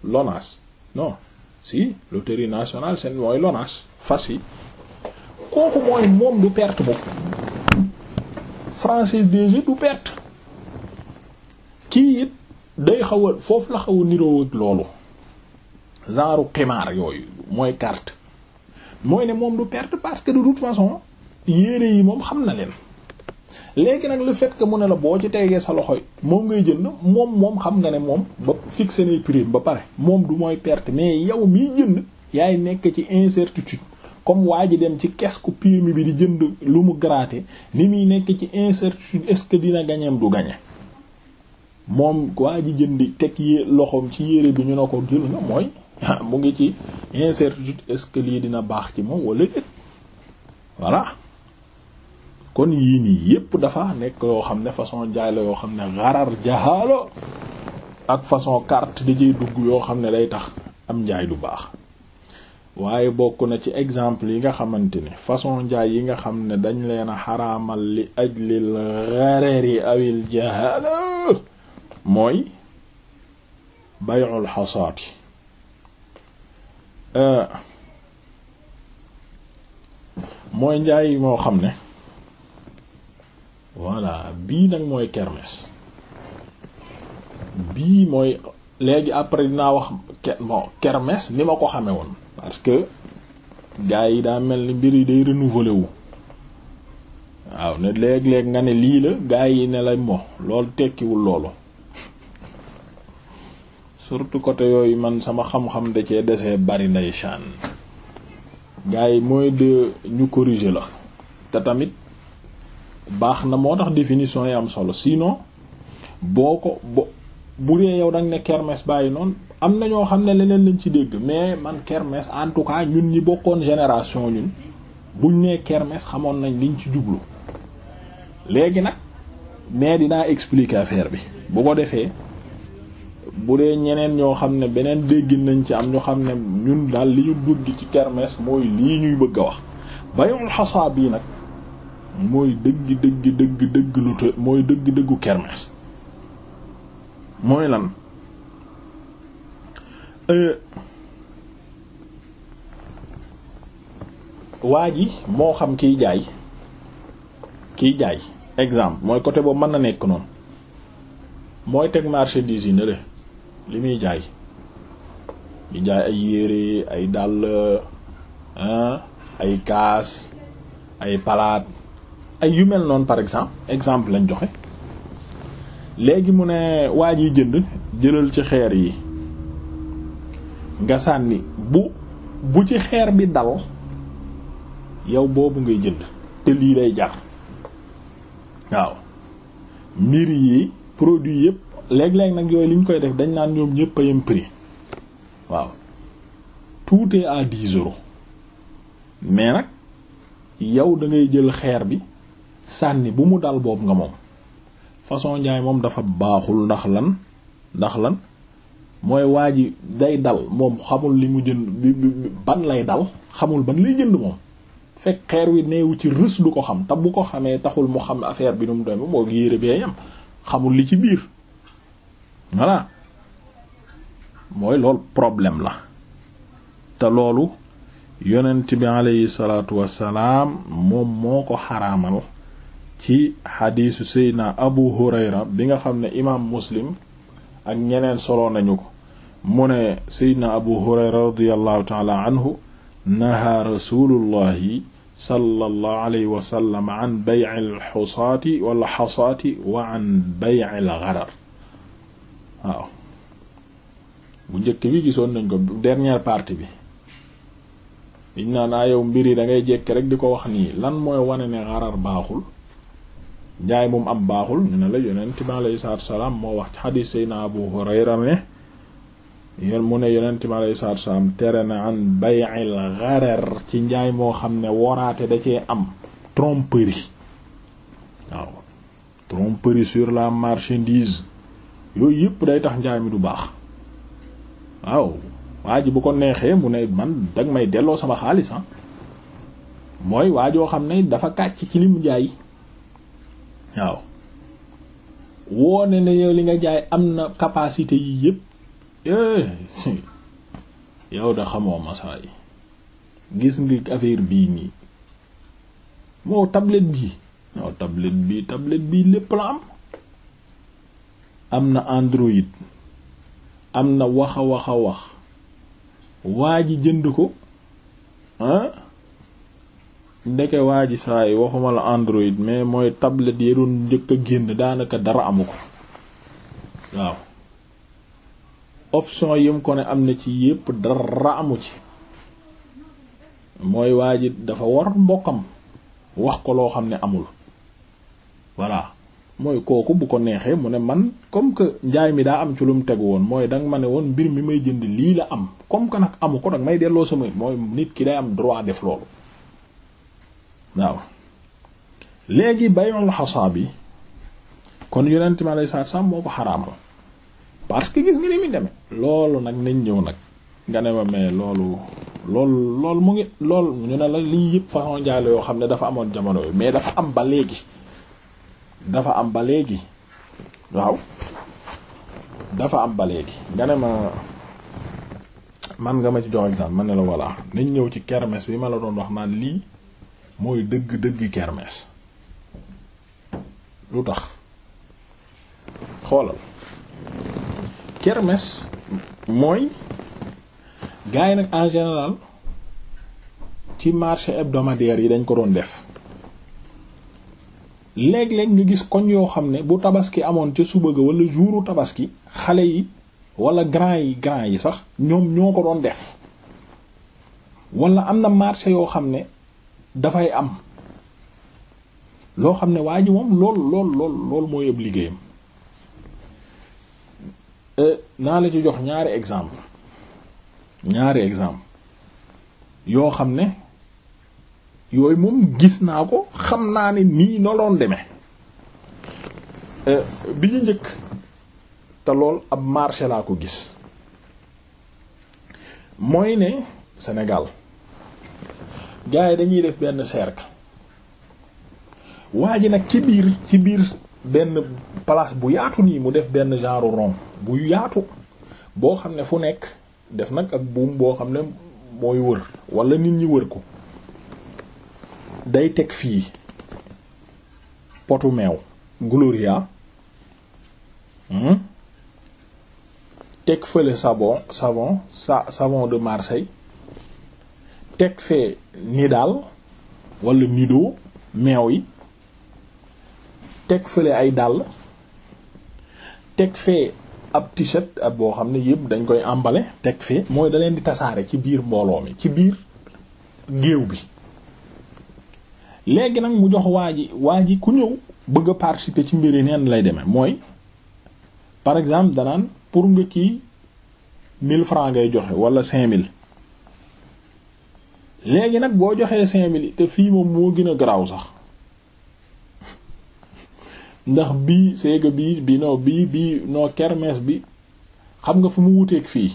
non si loterie nationale seen mooy LONAS fas yi kooku mooy moom du perte boobu française des jeux du perte kii it day xaw a foofu la xaw a ak loolu genre ximaar yooyu mooy carte mooy ne moom du perte parce que de toute façon yére yi moom xam na leen. léegi nag lu fait mu ne la boo ci tegee sa loxo moom ngay jënd moom moom xam nga ne moom ba fixé nay prix ba pare moom du mooy perte mais yow miy jënd yaay nekk ci incertitude comme waa ji dem ci kesku PMI bi di jënd lu mu gratter li muy nekk ci incertitude est-ce que dina gañeem du gañe moom waa ji jëndi teg yé loxoom ci yére bi ñu ne ko jël na mooy (laughs) mu ngi ci incertitude est que lii dina baax ci moom wala déet voilà kon yii nii yépp dafa nekk yoo xam ne façon jaay la yoo xam ne xarar jaxaalo ak façon carte da ciy dugg yoo xam ne day tax am njaay du baax waaye bokk na ci exemple yi nga xamante ne façon njaay yi nga xam ne dañ leen a xaraamal li ajlil xarari awil jaxaalo mooy bay'ul xasaati euh, mooy njaay moo xam ne voilà bii nag mooy kermesse bii mooy léegi après dinaa wax bon kermesse ni ma ko xame woon parce que gars yi daa mel ni mbir yi day renouveler wu waaw ne léeg-léeg nga ne lii la gars yi ne la moo loolu tekkiwul loolu surtout côté yooyu man sama xam-xam da cee desee bari ndeysaan gars yi mooy de ñu corriger la te tamit baax na moo tax définition yi am solo sinon boo ko bo bu dee yow danga ne kermesse bàyyi noonu am na ñoo xam ne leneen lañ ci dégg mais man kermesse en tout cas ñun ñi bokkoon génération ñun buñ nee kermesse xamoon nañ liñ ci jublu léegi nag mais dinaa expliquer affaire bi bu ko defee bu dee ñeneen ñoo xam ne beneen déggin nañ ci am ñu xam ne ñun daal li ñu dugg ci kermesse mooy lii ñuy bëgg a wax bayul xasaa bii nag. mooy dëgg dëgg dëgg dëgg lu të mooy dëgg dëggu kermesse mooy lan euh, waa ji moo xam kiy jaay kiy jaay exemple mooy côté boobu mën na nekk noon mooy teg marchandise yi ne li muy jaay di jaay ay yére ay dàll ay kaas ay palaat ay yu mel noonu par exemple exemple lañ joxe léegi mu ne waa jiy jënd jëlal ci xeer yi nga sànni bu bu ci xeer bi dal yow boobu ngay jënd te lii lay jar waaw mbir yi produit yëpp léeg-léeg nag yooyu liñ koy def dañ naan ñoom ñëpp a yem prix waaw tout est à dix euros mais nag yow dangay jël xeer bi sànni bu mu dal boobu nga moom façon njaay moom dafa baaxul ndax lan ndax lan mooy waa day dal moom xamul li mu jënd ban lay dal xamul ban lay jënd moom fekk xeer wi neewu ci rës du ko xam te bu ko xamee taxul mu xam affaire bi nu mu doon moo yére bee yam xamul li ci biir voilà mooy lool problème la te loolu yonent bi aleyhi salaatu wassalaam moom moo ko xaraamal ci xadiisu seydna abu hurayra bi nga xam ne imaam muslim ak ñeneen solo nañu ko mu ne seydna abu hurayra radiallahu taala anhu naha rasulullahi sallallahu alayhi wa sallam an bay'i al-xusaati xasaati wa an bay'i waaw bu njëkk bi gisoon nañ ko dernière partie bi liñ naa naa yow mbir yi da ngay rek di ko wax nii lan mooy wane ne gharar baaxul njaay moom am baaxul ñu ne la yonent bi alayhi salaatu salaam moo wax ci xadiis sayna Abu Hurayra ne yon mu ne yonent bi alayhi salaam tere na an bay'il gharar ci njaay moo xam ne woraate da cee am tromperie waaw tromperie sur la marchandise yooyu yëpp day tax njaay mi du baax waaw waa ji ko neexee mu ne man dag may delloo sama xaalis ah mooy waajoo xam ne dafa kàcc ci li mu jaay waaw woone ne yow li nga jaay am na capacité yi yépp eh, yow da xamoo masaa gis nga affaire bii nii moo tablette bii non tablette bii tablette bii lépp la am am na Android am na waxa a wax waa ji jënd ko ah ndeke waa ji saa yi waxuma la Android mais mooy tablette yi doon njëkk a génn daanaka dara amu ko waaw option yim ko ne am na ci yépp dara amu ci mooy waa ji dafa war mbokkam wax ko loo xam ne amul voilà mooy kooku bu ko neexee mu ne man comme que njaay mi daa am ci lu mu tegu woon mooy danga ma ne woon mbir mi may jënd lii la am comme que nag amu ko danga may delloo sama mooy nit ki day am droit def loolu waaw léegi bayul xasaa bi kon yonent mi alayhi salaatu salaam moo ko xaraamal parce que gis nga ni muy demee loolu nag nañ ñëw nag nga ne ma mais loolu lool lool mu ngi loolu ñu ne la lii yëpp façon jaay yoo xam ne dafa amoon jamono yooyu mais dafa am ba léegi dafa am ba léegi waaw dafa am ba léegi nga ne ma man nga ma ci jox exemple man ne la voilà nañ ñëw ci kermesse bi ma la doon wax naan lii. mooy dëgg dëgg kermesse lu tax xoolal kermesse mooy gars yi nag en général ci marché hebdomadaire yi dañ ko doon def léeg-léeg nga gis koñ yoo xam ne bu tabaski amoon ca suba walla wala jouru tabaski xale yi wala grand yi grand yi sax ñoom ñoo ko doon def wala am na marché yoo xam ne dafay am loo xam ne waa ji moom lool lool lool mooy yëpp liggéeyam euh, naa la ci jox ñaari exemple ñaari exemple yoo xam ne yooyu moom gis naa ko xam naa ne nii noloon demee euh, bi ñu njëkk te lool ab marché laa ko gis mooy ne senegal gars yi dañuy def benn cercle waa ji nag ci biir ci biir benn palaas bu yaatu nii mu def benn genre rond bu yaatu boo xam ne fu nekk def nag ak buum boo xam ne mooy wër wala nit ñi wër ko day teg fii potu meew gloria hmm? teg fële savon savon sa savon de Marseille teg fee ni daal wala nido meew yi teg fële ay dàll teg fee ab t boo xam ne yëpp dañ koy àmbale teg fee mooy da leen di tasaare ci biir mbooloo mi ci biir géew bi léegi nag mu jox waa ji waa ji ku ñëw bëgg a participer ci mbiri neen lay demee mooy par exemple danaan pour nga kii 1000 francs ngay joxe wala mille léegi nag boo joxee cinq mille te fii moom moo gën a garaaw sax ndax bii seega bii bi non bii bii noo kermesse bi xam nga fu mu wuteeg fii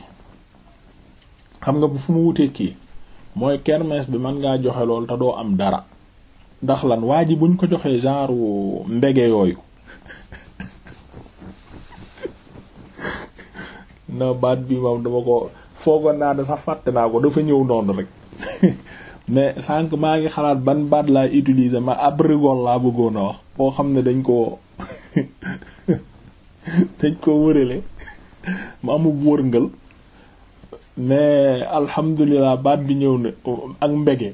xam nga bu fu mu wuteeg kii mooy kermesse bi man ngaa joxe lool te doo am dara ndax lan waa ji buñ ko joxee genre mbege yooyu (laughs) na baat bi moom dama ko foogoon naa da sax fàtte naa ko dafa ñëw noonu rek (laughs) mais sànq maa ngi xalaat ban baat laay utiliser ma ab rigol laa bëggoon a wax boo xam ne dañ koo (laughs) dañ ko wërale ma amub wërngal mais alhamdulilah baat bi ñëw na ak mbege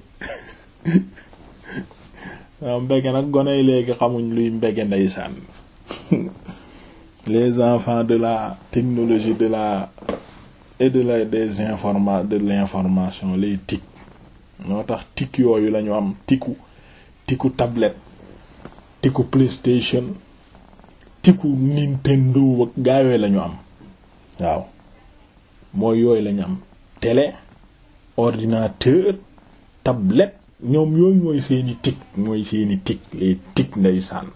(laughs) mbege nag goney léegi xamuñ luy mbege ndeysaan les enfants de la technologie de la et de la des informa de l'information les TIC moo tax tik yooyu lañu am tiku tiku tablette tiku PlayStation tiku Nintendo ak gaa lañu am waaw mooy yooyu lañu am télé ordinateur tablette ñoom yooyu mooy seeni tik mooy seeni tik les tik nday sànn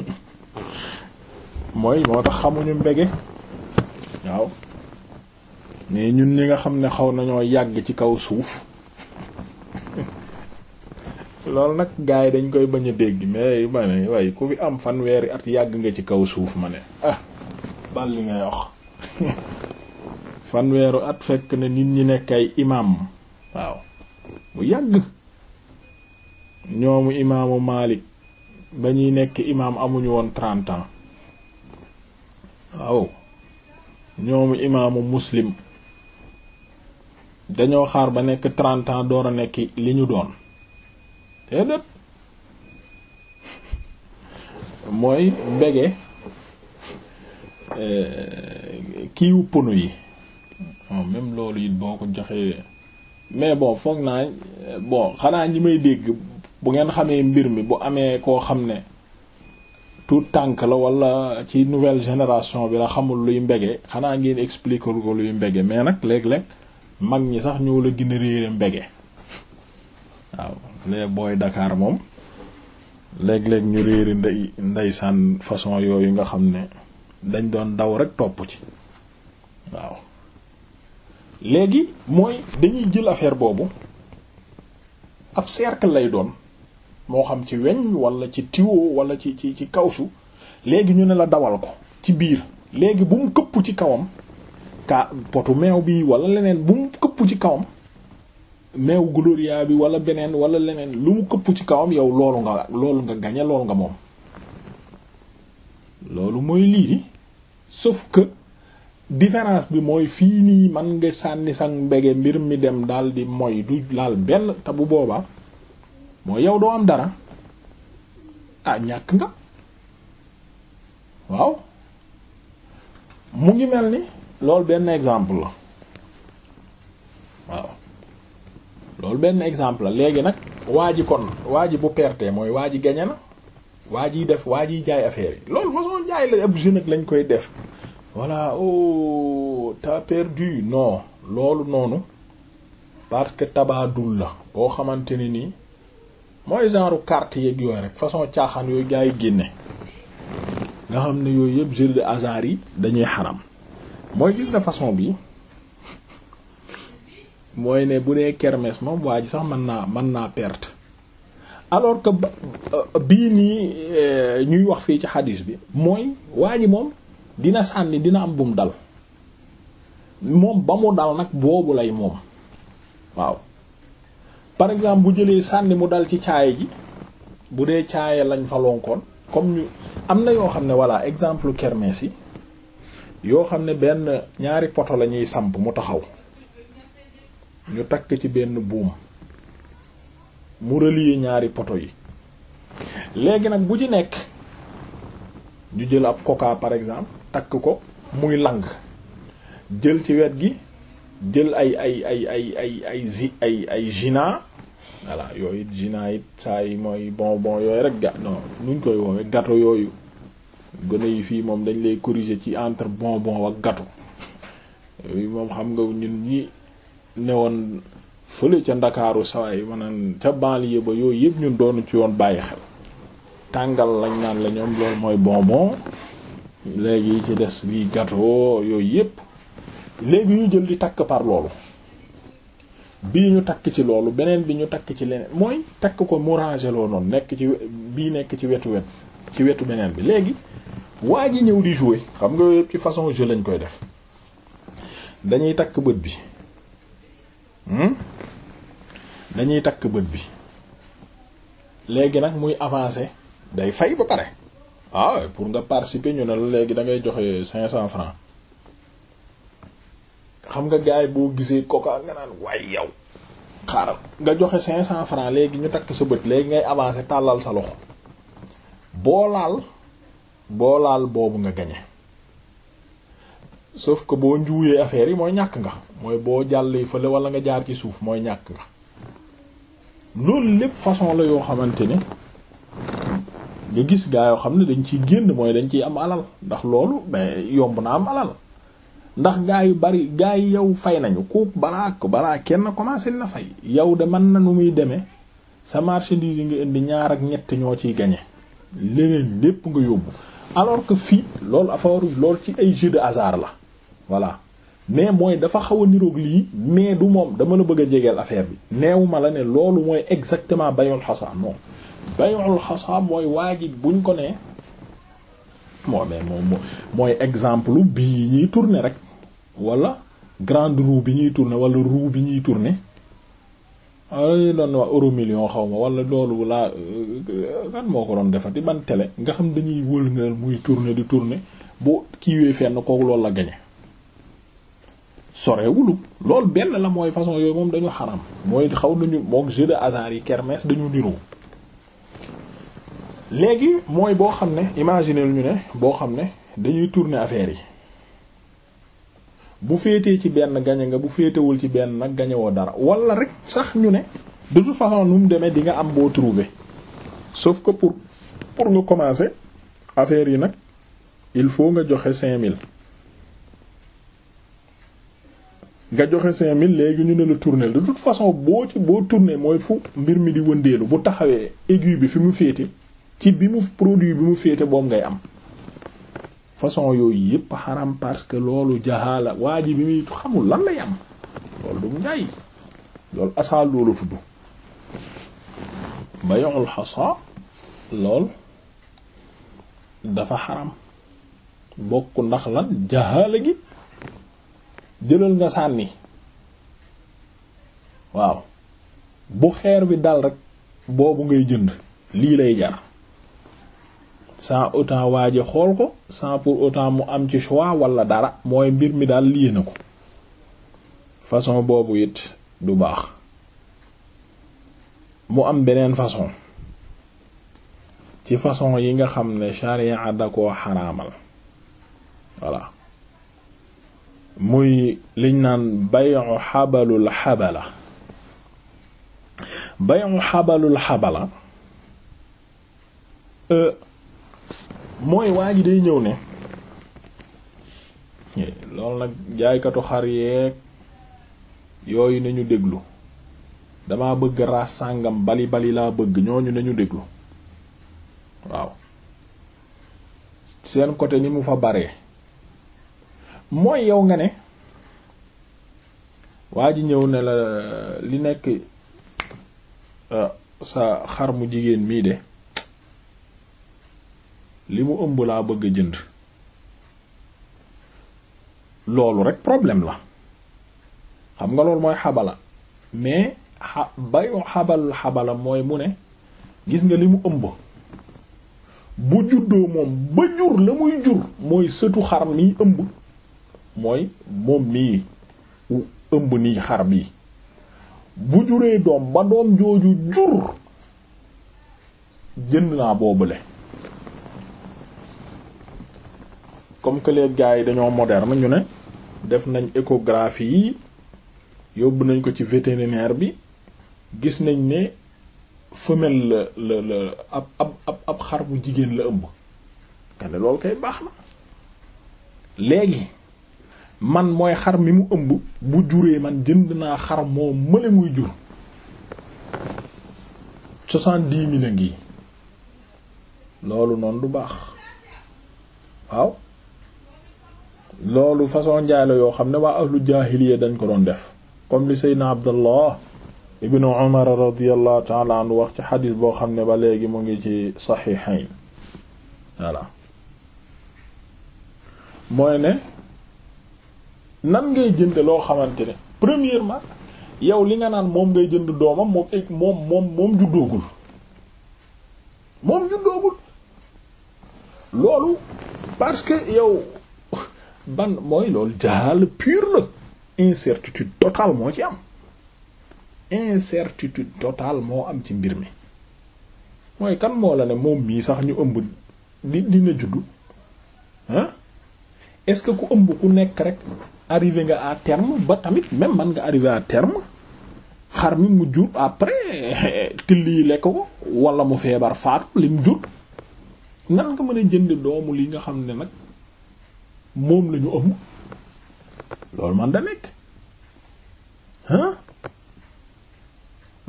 (laughs) mooy moo tax xamuñu mbége waaw mais ñun ñi nga xam ne xaw nañoo yàgg ci kaw suuf loolu nag gars yi dañ koy bañ a dégg mais ma ne waaye ku fi am fanweeri at yàgg nga ci kaw suuf ma ne ah bal li ngay wax (laughs) fanweeru at fekk na nit ñi nekk ay imaam waaw bu yàgg ñoomu imaamu Malik ba ñuy nekk imaam amuñu woon trente ans waaw ñoomu imaamu Muslim dañoo xaar ba nekk trente ans a nekk li ñu doon te dét mooy bege euh, kiiwu pono yi même loolu it boo ko joxee mais bon foog naa bon xanaa ñi may dégg bu ngeen xamee mbir mi bu amee koo xam ne tout tànk la wala ci nouvelle génération bi la xamul luy mbege xanaa ngeen expliquer ko luy mbege mais nag léeg-léeg mag ñi sax ñoo la gën a mbege waaw les booy dakaar moom léeg-léeg ñu réeri ndey ndeysaan façon yooyu nga xam ne dañ doon daw rek topp ci waaw léegi mooy dañuy jël affaire boobu ab cercle lay doon moo xam ci weñ wala ci tuyau wala ci ci ci kawsu léegi ñu ne la dawal ko ci biir léegi bu mu këpp ci kawam ka potu meew bi wala leneen bu mu këpp ci kawam meew gloria bi wala beneen wala leneen lu mu këpp ci kawam yow loolu nga loolu nga gañe loolu nga moom loolu mooy lii di sauf que différence bi mooy fii nii man nga sànni sang mbége mbir mi dem daal moy du laal benn te bu boobaa mooy yow doo am dara ah ñàkk nga waaw mu ngi mel ni loolu benn exemple la waaw loolu benn exemple léegi nag waaji kon waa ji bu perte mooy waaji ji gañe na waa jiy def waa jiy jaay affaire yi loolu façon jaay ab jeu nag lañ koy def voilà oh t'as perdu non loolu noonu parce que tabaadul la koo xamante ne nii mooy genre carte yeeg yooyu rek façon caaxaan yooyu gaa génne nga xam ne yooyu yëpp jeu de yi dañuy xaram mooy gis nga façon bi mooy ne bu dee kermesse moom waa ji sax mën naa mën naa perte alors que euh, bii nii euh, ñuy wax fii ci xadis bi mooy waa ji moom dina sànni dina am bum dal moom ba mu dal nag boobu lay moom waaw par exemple bu jëlee sànni mu dal ci caaye ji bu dee caaye lañ fa lonkoon comme ñu am na yoo xam ne voilà exemple kermesse yi yoo xam ne benn ñaari poto la ñuy samp mu taxaw ñu takk ci benn buum mu relier ñaari poto yi léegi nag bu ci nekk ñu jël ab coca par exemple takk ko muy lang jël ci wet gi jël ay ay ay ay ay ay zi ay ay gina voilà yooyu it gina it saa yi mooy bon bon yooyu rek ga non nuñ koy woowee gato yooyu gone yi fii moom dañ lay corriger ci entre bon bon ak gato yooyu moom xam nga ñun ñi ne woon fële ca ndakaaru sawaay maanaam ca banlieue ba yooyu yëpp ñun doonu ci woon bàyyi xel tàngal lañ naan la ñoom loolu mooy bonbon léegi ci des lii gâteau yooyu yëpp léegi ñu jël di takk par loolu bii ñu takk ci loolu beneen bi ñu takk ci leneen mooy takk ko mu rangeloo noonu nekk ci bii nekk ci wetu wet ci wetu beneen bi léegi waa ji ñëw di jouer xam nga yëpp ci façon jeu lañ koy def dañuy takk bët bi Hmm? dañuy takk bët bi léegi nag muy avancé day fay ba pare waaw ah, pour nga participer ñu ne la léegi dangay joxe cinq cent francs xam nga gaay boo gisee koka nga naan waaye yow xaaral nga joxe cinq cent francs léegi ñu takk sa bët léegi ngay avancé tàllal sa loxo boo laal boo laal boobu nga gañe sauf ko boo njuuyee affaire yi mooy ñàkk nga mooy boo jàllee fële wala nga jaar ci suuf mooy ñàkk nga loolu lépp façon la yoo xamante ne nga gis gaa yoo xam ne dañ ci génn mooy dañ ciy am alal ndax loolu mais yomb na am alal ndax gaa yu bari gaa yi yow fay nañu ku balaa balaa kenn commencé na fay yow de man na nu muy demee sa marchandise yi nga indi ñaar ak ñett ñoo ciy gañe leneen lépp nga yóbbu alors que fii loolu affaire lool ci ay jeu de hasard la voilà mais mooy dafa xaw a niroog lii mais du moom dama la bëgg a jegeel affaire bi neewuma la ne loolu mooy exactement bayul xasa moom bayul xasa mooy waa ji buñ ko nee moo mooy exemple bi ñuy tourner rek wala grande roue bi ñuy tourner wala roue bi ñuy tourner ay doon wax euro million xaw ma wala loolu laa euh, kan moo ko doon defati ban télé nga xam dañuy wël nga muy tourner di tourner bu kiiwee fenn kooku loolu la gañe sorewulu loolu benn la mooy façon yooyu moom dañu xaram mooy xaw nañu mook jeu de hasard yi kermesse dañu niroo léegi mooy boo xam ne imaginer lu ñu ne boo xam ne dañuy tourner affaire yi bu féetee ci benn gaña nga bu féetewul ci benn nag gañewoo dara walla rek sax ñu ne de façon nu mu demee di nga am boo trouver sauf ko pour pour nga commencer affaire yi nag il faut nga joxe 5000 nga joxe 5000 léegi ñu ne la tourner de toute façon boo ci boo tourner mooy fu mbir mi di wëndeelu bu taxawee aiguille bi fi mu féete ci bi mu produit bi mu féete boobu ngay am façon yooyu yépp xaram parce que loolu jaxaala waa ji bi muy xamul lan lay am loolu du njaay loolu asaal loolu tudd bay'ul xasa lool dafa xaram bokk ndax lan jaxaala gi jëlal nga sànni waaw bu xeer bi dal rek boobu ngay jënd lii lay jar sans autant waaje xool ko sans pour autant mu am ci choix wala dara mooy mbir mi daal lii na ko façon boobu it du baax mu am beneen façon ci façon yi nga xam ne charia da koo xaraamal voilà muy liñ naan bayu xabalul xabala bayu xabalul xabala euh, mooy waa ji day ñëw ne loolu nag jaaykatu xar yeeg yooyu nañu déglu dama bëgg raas sàngam bali bali laa bëgg ñooñu nañu déglu waaw seen côté ni mu fa baree mooy yow nga ne waa ji ñëw ne la euh, li nekk euh, sa xar mu jigéen mii de li mu ëmb laa bëgg a jënd loolu rek problème la xam nga loolu mooy xabala mais xa bayu xabal xabala mooy mu ne gis nga li mu ëmb bu juddoo moom ba jur la muy jur mooy sëtu xar mi ëmb mooy moom mii ëmb nii xar bi bu juree doom ba doom jooju jur jënd naa boobule comme que les gars yi dañoo moderne ñu ne def nañ échographie yi yóbbu nañ ko ci veterinaire bi gis nañ ne femelle la la la ab ab ab ab xar bu jigéen la ëmb nga ne loolu baax na léegi man mooy xar mi mu ëmb bu juree man jënd naa xar moo mële muy jur soixante-dix mille ngi loolu noonu du baax waaw loolu façon njaay la yoo xam ne waa ahlu jaahiliya dañ ko doon def comme li seydna abdallah ibnu umar radiallahu taala anhu wax ci xadis boo xam ne ba léegi mu ngi ci saxiixayn voilà mooy ne nan ngay jënd loo xamante ne premièrement yow li nga naan moom ngay jënd doomam moom moom moom moom juddoogul moom juddoogul loolu parce que yow ban mooy loolu jaal pur la incertitude totale moo ci am incertitude total moo am ci mbir mi mooy kan moo la ne moom mii sax ñu ëmb di dina juddu hein est-ce que ku ëmb ku nekk rek arrivé nga à terme ba tamit même mën nga arrivé à terme xar mi mu jur après (laughs) till yi lekk ko wala mu feebar faatu li mu jur nan nga mën a jënd doomu li nga xam ne nag moom la ñu ëmb loolu man da nekk ah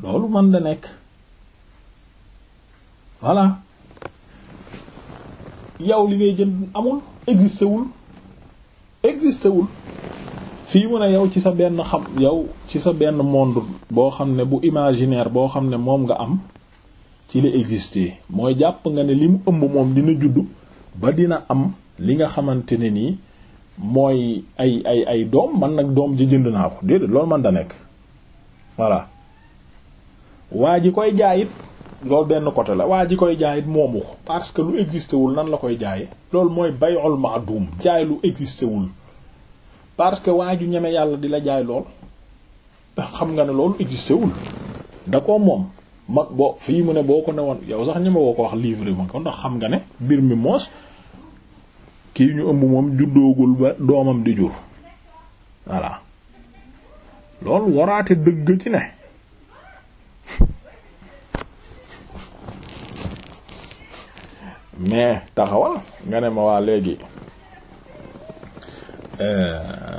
loolu man da nekk voilà yow li ngay jënd amul existé wul existé wul fii mu ne yow ci sa benn xam yow ci sa benn monde boo xam ne bu imaginaire boo xam ne moom nga am ci li exister mooy jàpp nga ne li mu ëmb moom dina juddu ba dina am li nga xamante ne nii mooy ay ay ay doom man nag doom ji jënd naa ko déedéet loolu man da nekk voilà waa ji koy jaayit loolu benn côté la waa ji koy jaayit moomu parce que lu existé wul nan la koy jaay loolu mooy bay'ul ma'dum jaay lu existé wul parce que waa ju ñeme yàlla di la jaay lool xam nga ne loolu existé wul da ko moom mag boo fii mu ne boo ko ne woon yow sax ñeme woo ko wax livre ma ko ndax xam nga ne mbir mi moos kii ñu ëmb moom juddoogul ba doomam di jur voilà loolu waraate dëgg ci (laughs) mais taxawal nga ne ma waa léegi Eh,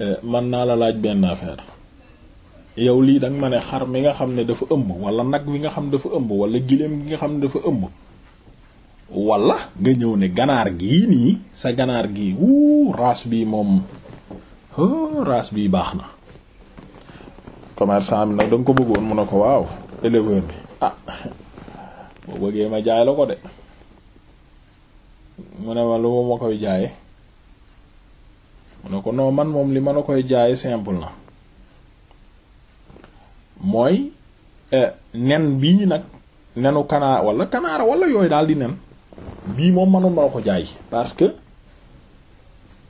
eh, man naa la laaj benn affaire yow lii danga ma ne xar mi nga xam ne dafa ëmb wala nag wi nga xam dafa ëmb walla giléem gi nga xam ne dafa ëmb wala nga ñëw ne ganaar gii nii sa ganaar gii wuu race bii moom race bii baax na commerçant bi nag da nga ko bëggoon mu ne ko waaw éleveur bi ah boo bëggee ma jaay la ko de mu ne ma lu ma ma koy jaaye mu ne ko man moom li mën a koy jaay simple na mooy eh, nen bii nag nenu kanaar wala kanaara wala yooyu daal di nen bii moom mënu ma ko jaay parce que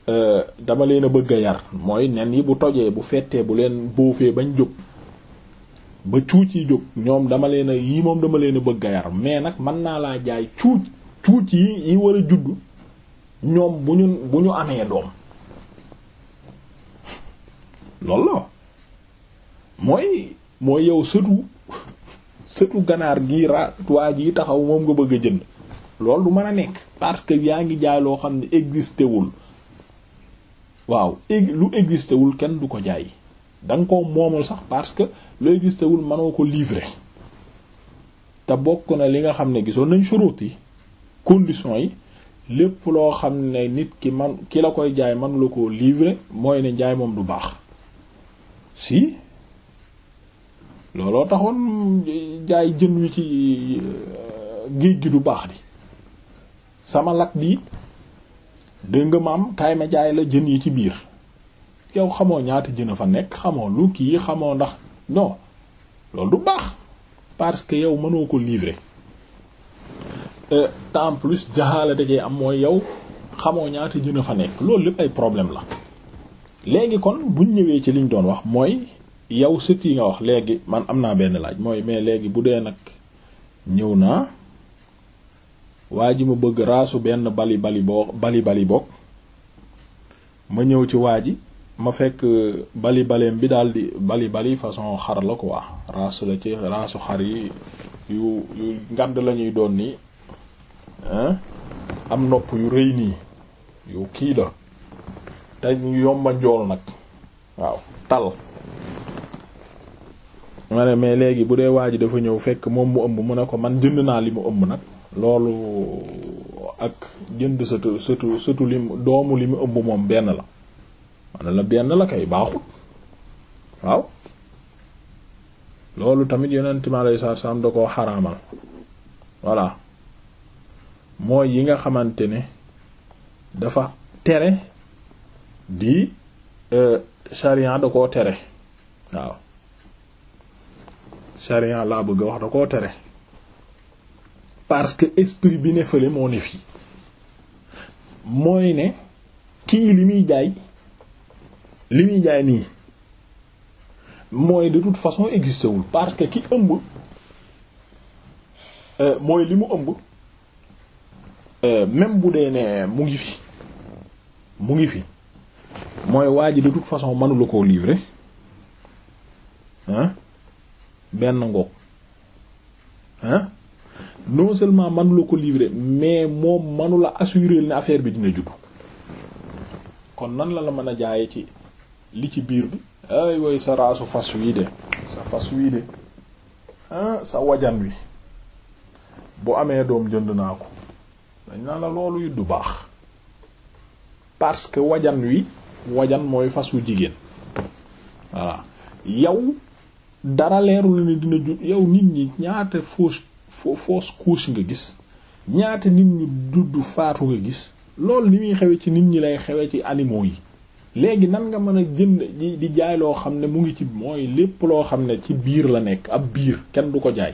eh, dama leen bëgg a yar mooy nen yi bu tojee bu fettee bu leen boofee bañ jóg ba cuuc yi jóg ñoom dama leen yii moom dama leen bëgg a yar mais nag mën naa laa jaay cuuc cuuc yi yi war a judd ñoom bu ñu bu ñu amee doom loolu la mooy mooy yow sëtu sëtu ganaar gii raatwaa ji taxaw moom nga bëgg a jënd loolu du mën a nekk parce que yaa ngi jaay loo xam ne existé wul waaw lu existé wul kenn du ko jaay da nga ko moomul sax parce que lu existé wul mënoo ko livrer te bokk na li nga xam ne gisoon nañ churut yi conditions yi lépp loo xam ne nit ki man ki la koy jaay man la ko livrer mooy ne jaay moom du baax si looloo taxoon jaay jën wi ci euh, géej gi du baax di sama lak bi dégg nga maam kaay ma jaay la jën yi ci biir yow xamoo ñaata jën a fa nekk xamoo lu kii xamoo ndax non loolu du baax parce que yow mënoo ko livrer euh, en plus jaxaala dajee am mooy yow xamoo ñaata jën a fa nekk loolu lépp ay problème la léegi kon buñ ñëwee ci liñ doon wax mooy yow sët yi nga wax léegi man am naa benn laaj mooy mais léegi bu dee nag ñëw naa waa ji ma bëgg rasu benn bali bali boo bali bali bokk ma ñëw ci waa ji ma fekk bali baleem bi daal bali bali façon xar la quoi raasu la ci raasu xar yi yu yu ngàdd la ñuy doon nii am nopp yu rëy nii yu kii la te yomba njool nag waaw tal ma ne mais léegi bu dee waa ji dafa ñëw fekk moom mu ëmb mu ne ko man jënd naa li mu ëmb nag loolu ak jënd sëtu sëtu li mu doomu li mu ëmb moom benn la ma la benn la kay baaxut waaw loolu tamit yonent mi alayhi salaatu salaam da koo xaraamal voilà mooy yi nga xamante ne dafa tere di charian e, da koo tere waaw charian laa bëgg a wax da koo tere parce que esprit bi ne fële moo ne fii mooy ne kii li muy jaay li muy jaay nii mooy de toute façon existé wul parce que ki ëmb e, mooy li mu ëmb e, même bu dee ne mu ngi fi mu ngi fi mooy waa ji de toute façon mënula ko livrer hein benn ngoog hein non seulement mënula ko livre mais moom mënula assurer ne affaire bi dina juddu kon nan la la mën a jaaye ci li ci biir bi ay woy sa raasu fas wii de sa fas wii de hein sa wajan wi bu amee doom jënd naa ko dañ naan la loolu yu du baax parce que wajan wi wajan mooy fas wu jigéen voilà yow dara leerul ne dina jur yow nit ñi ñaata fausse fausse couche nga gis ñaata nit ñu juddu faatu nga gis loolu li muy xewe ci nit ñi lay xewe ci animaux yi léegi nan nga mën a jënd di jaay loo xam ne mu ngi ci mooy lépp loo xam ne ci biir la nekk ab biir kenn du ko jaay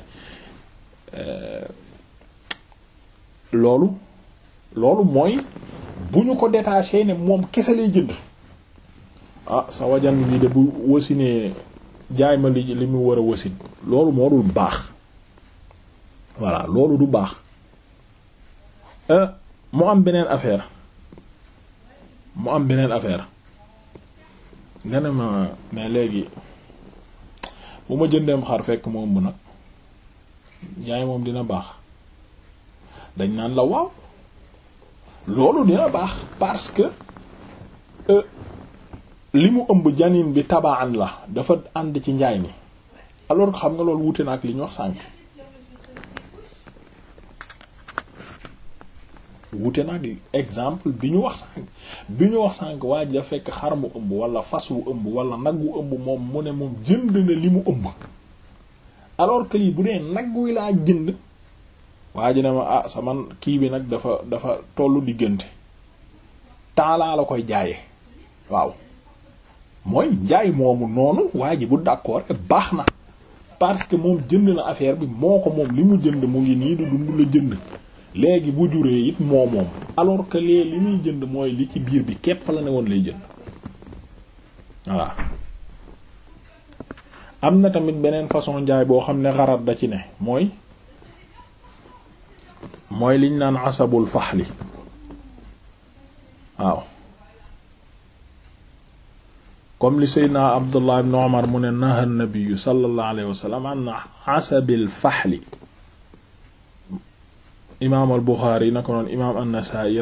euh, loolu loolu mooy bu ñu ko détaché ne moom kese lay jënd ah sa wajan bi de bu wasinee jaay ma li li mu war a wasin loolu moo dul baax voilà loolu du baax euh, mu am beneen affaire mu am beneen affaire nga ne ma mais léegi bu ma jëndeem xar fekk moom bu nag jaay moom dina baax dañ naan la waaw loolu dina baax parce que. Euh, li mu ëmb janin bi tabaan la dafa ànd ci njaay mi alors que xam nga loolu wuute na li ñu wax sànk wuute na exemple bi ñu wax sànq bi ñu wax sànq waa ja fekk xar mu ëmb wala fas wu ëmb wala nag wu ëmb moom mu ne moom jënd na li mu ëmb alors que lii bu dee nag wi laa jënd waa ji ne ma ah sama kii bi nag dafa dafa tollu diggante temps laa la koy jaaye waaw mooy njaay moomu noonu waa ji bu d'accord baax na parce que moom jënd na affaire bi moo ko moom li mu jënd mu ngi nii du dund la jënd léegi bu juree it moo moom alors que lee li muy jënd mooy li ci biir bi képp la ne woon lay jënd voilà am na tamit beneen façon njaay boo xam ne xarat da ci ne mooy mooy liñ naan asabul faxli waaw comme li seydna abdullah ibn omar mu ne naha nabiyu sallallahu alayhi wa sallam an asabil faxli imaam al buxaari na ko noon imaam an-nasa'i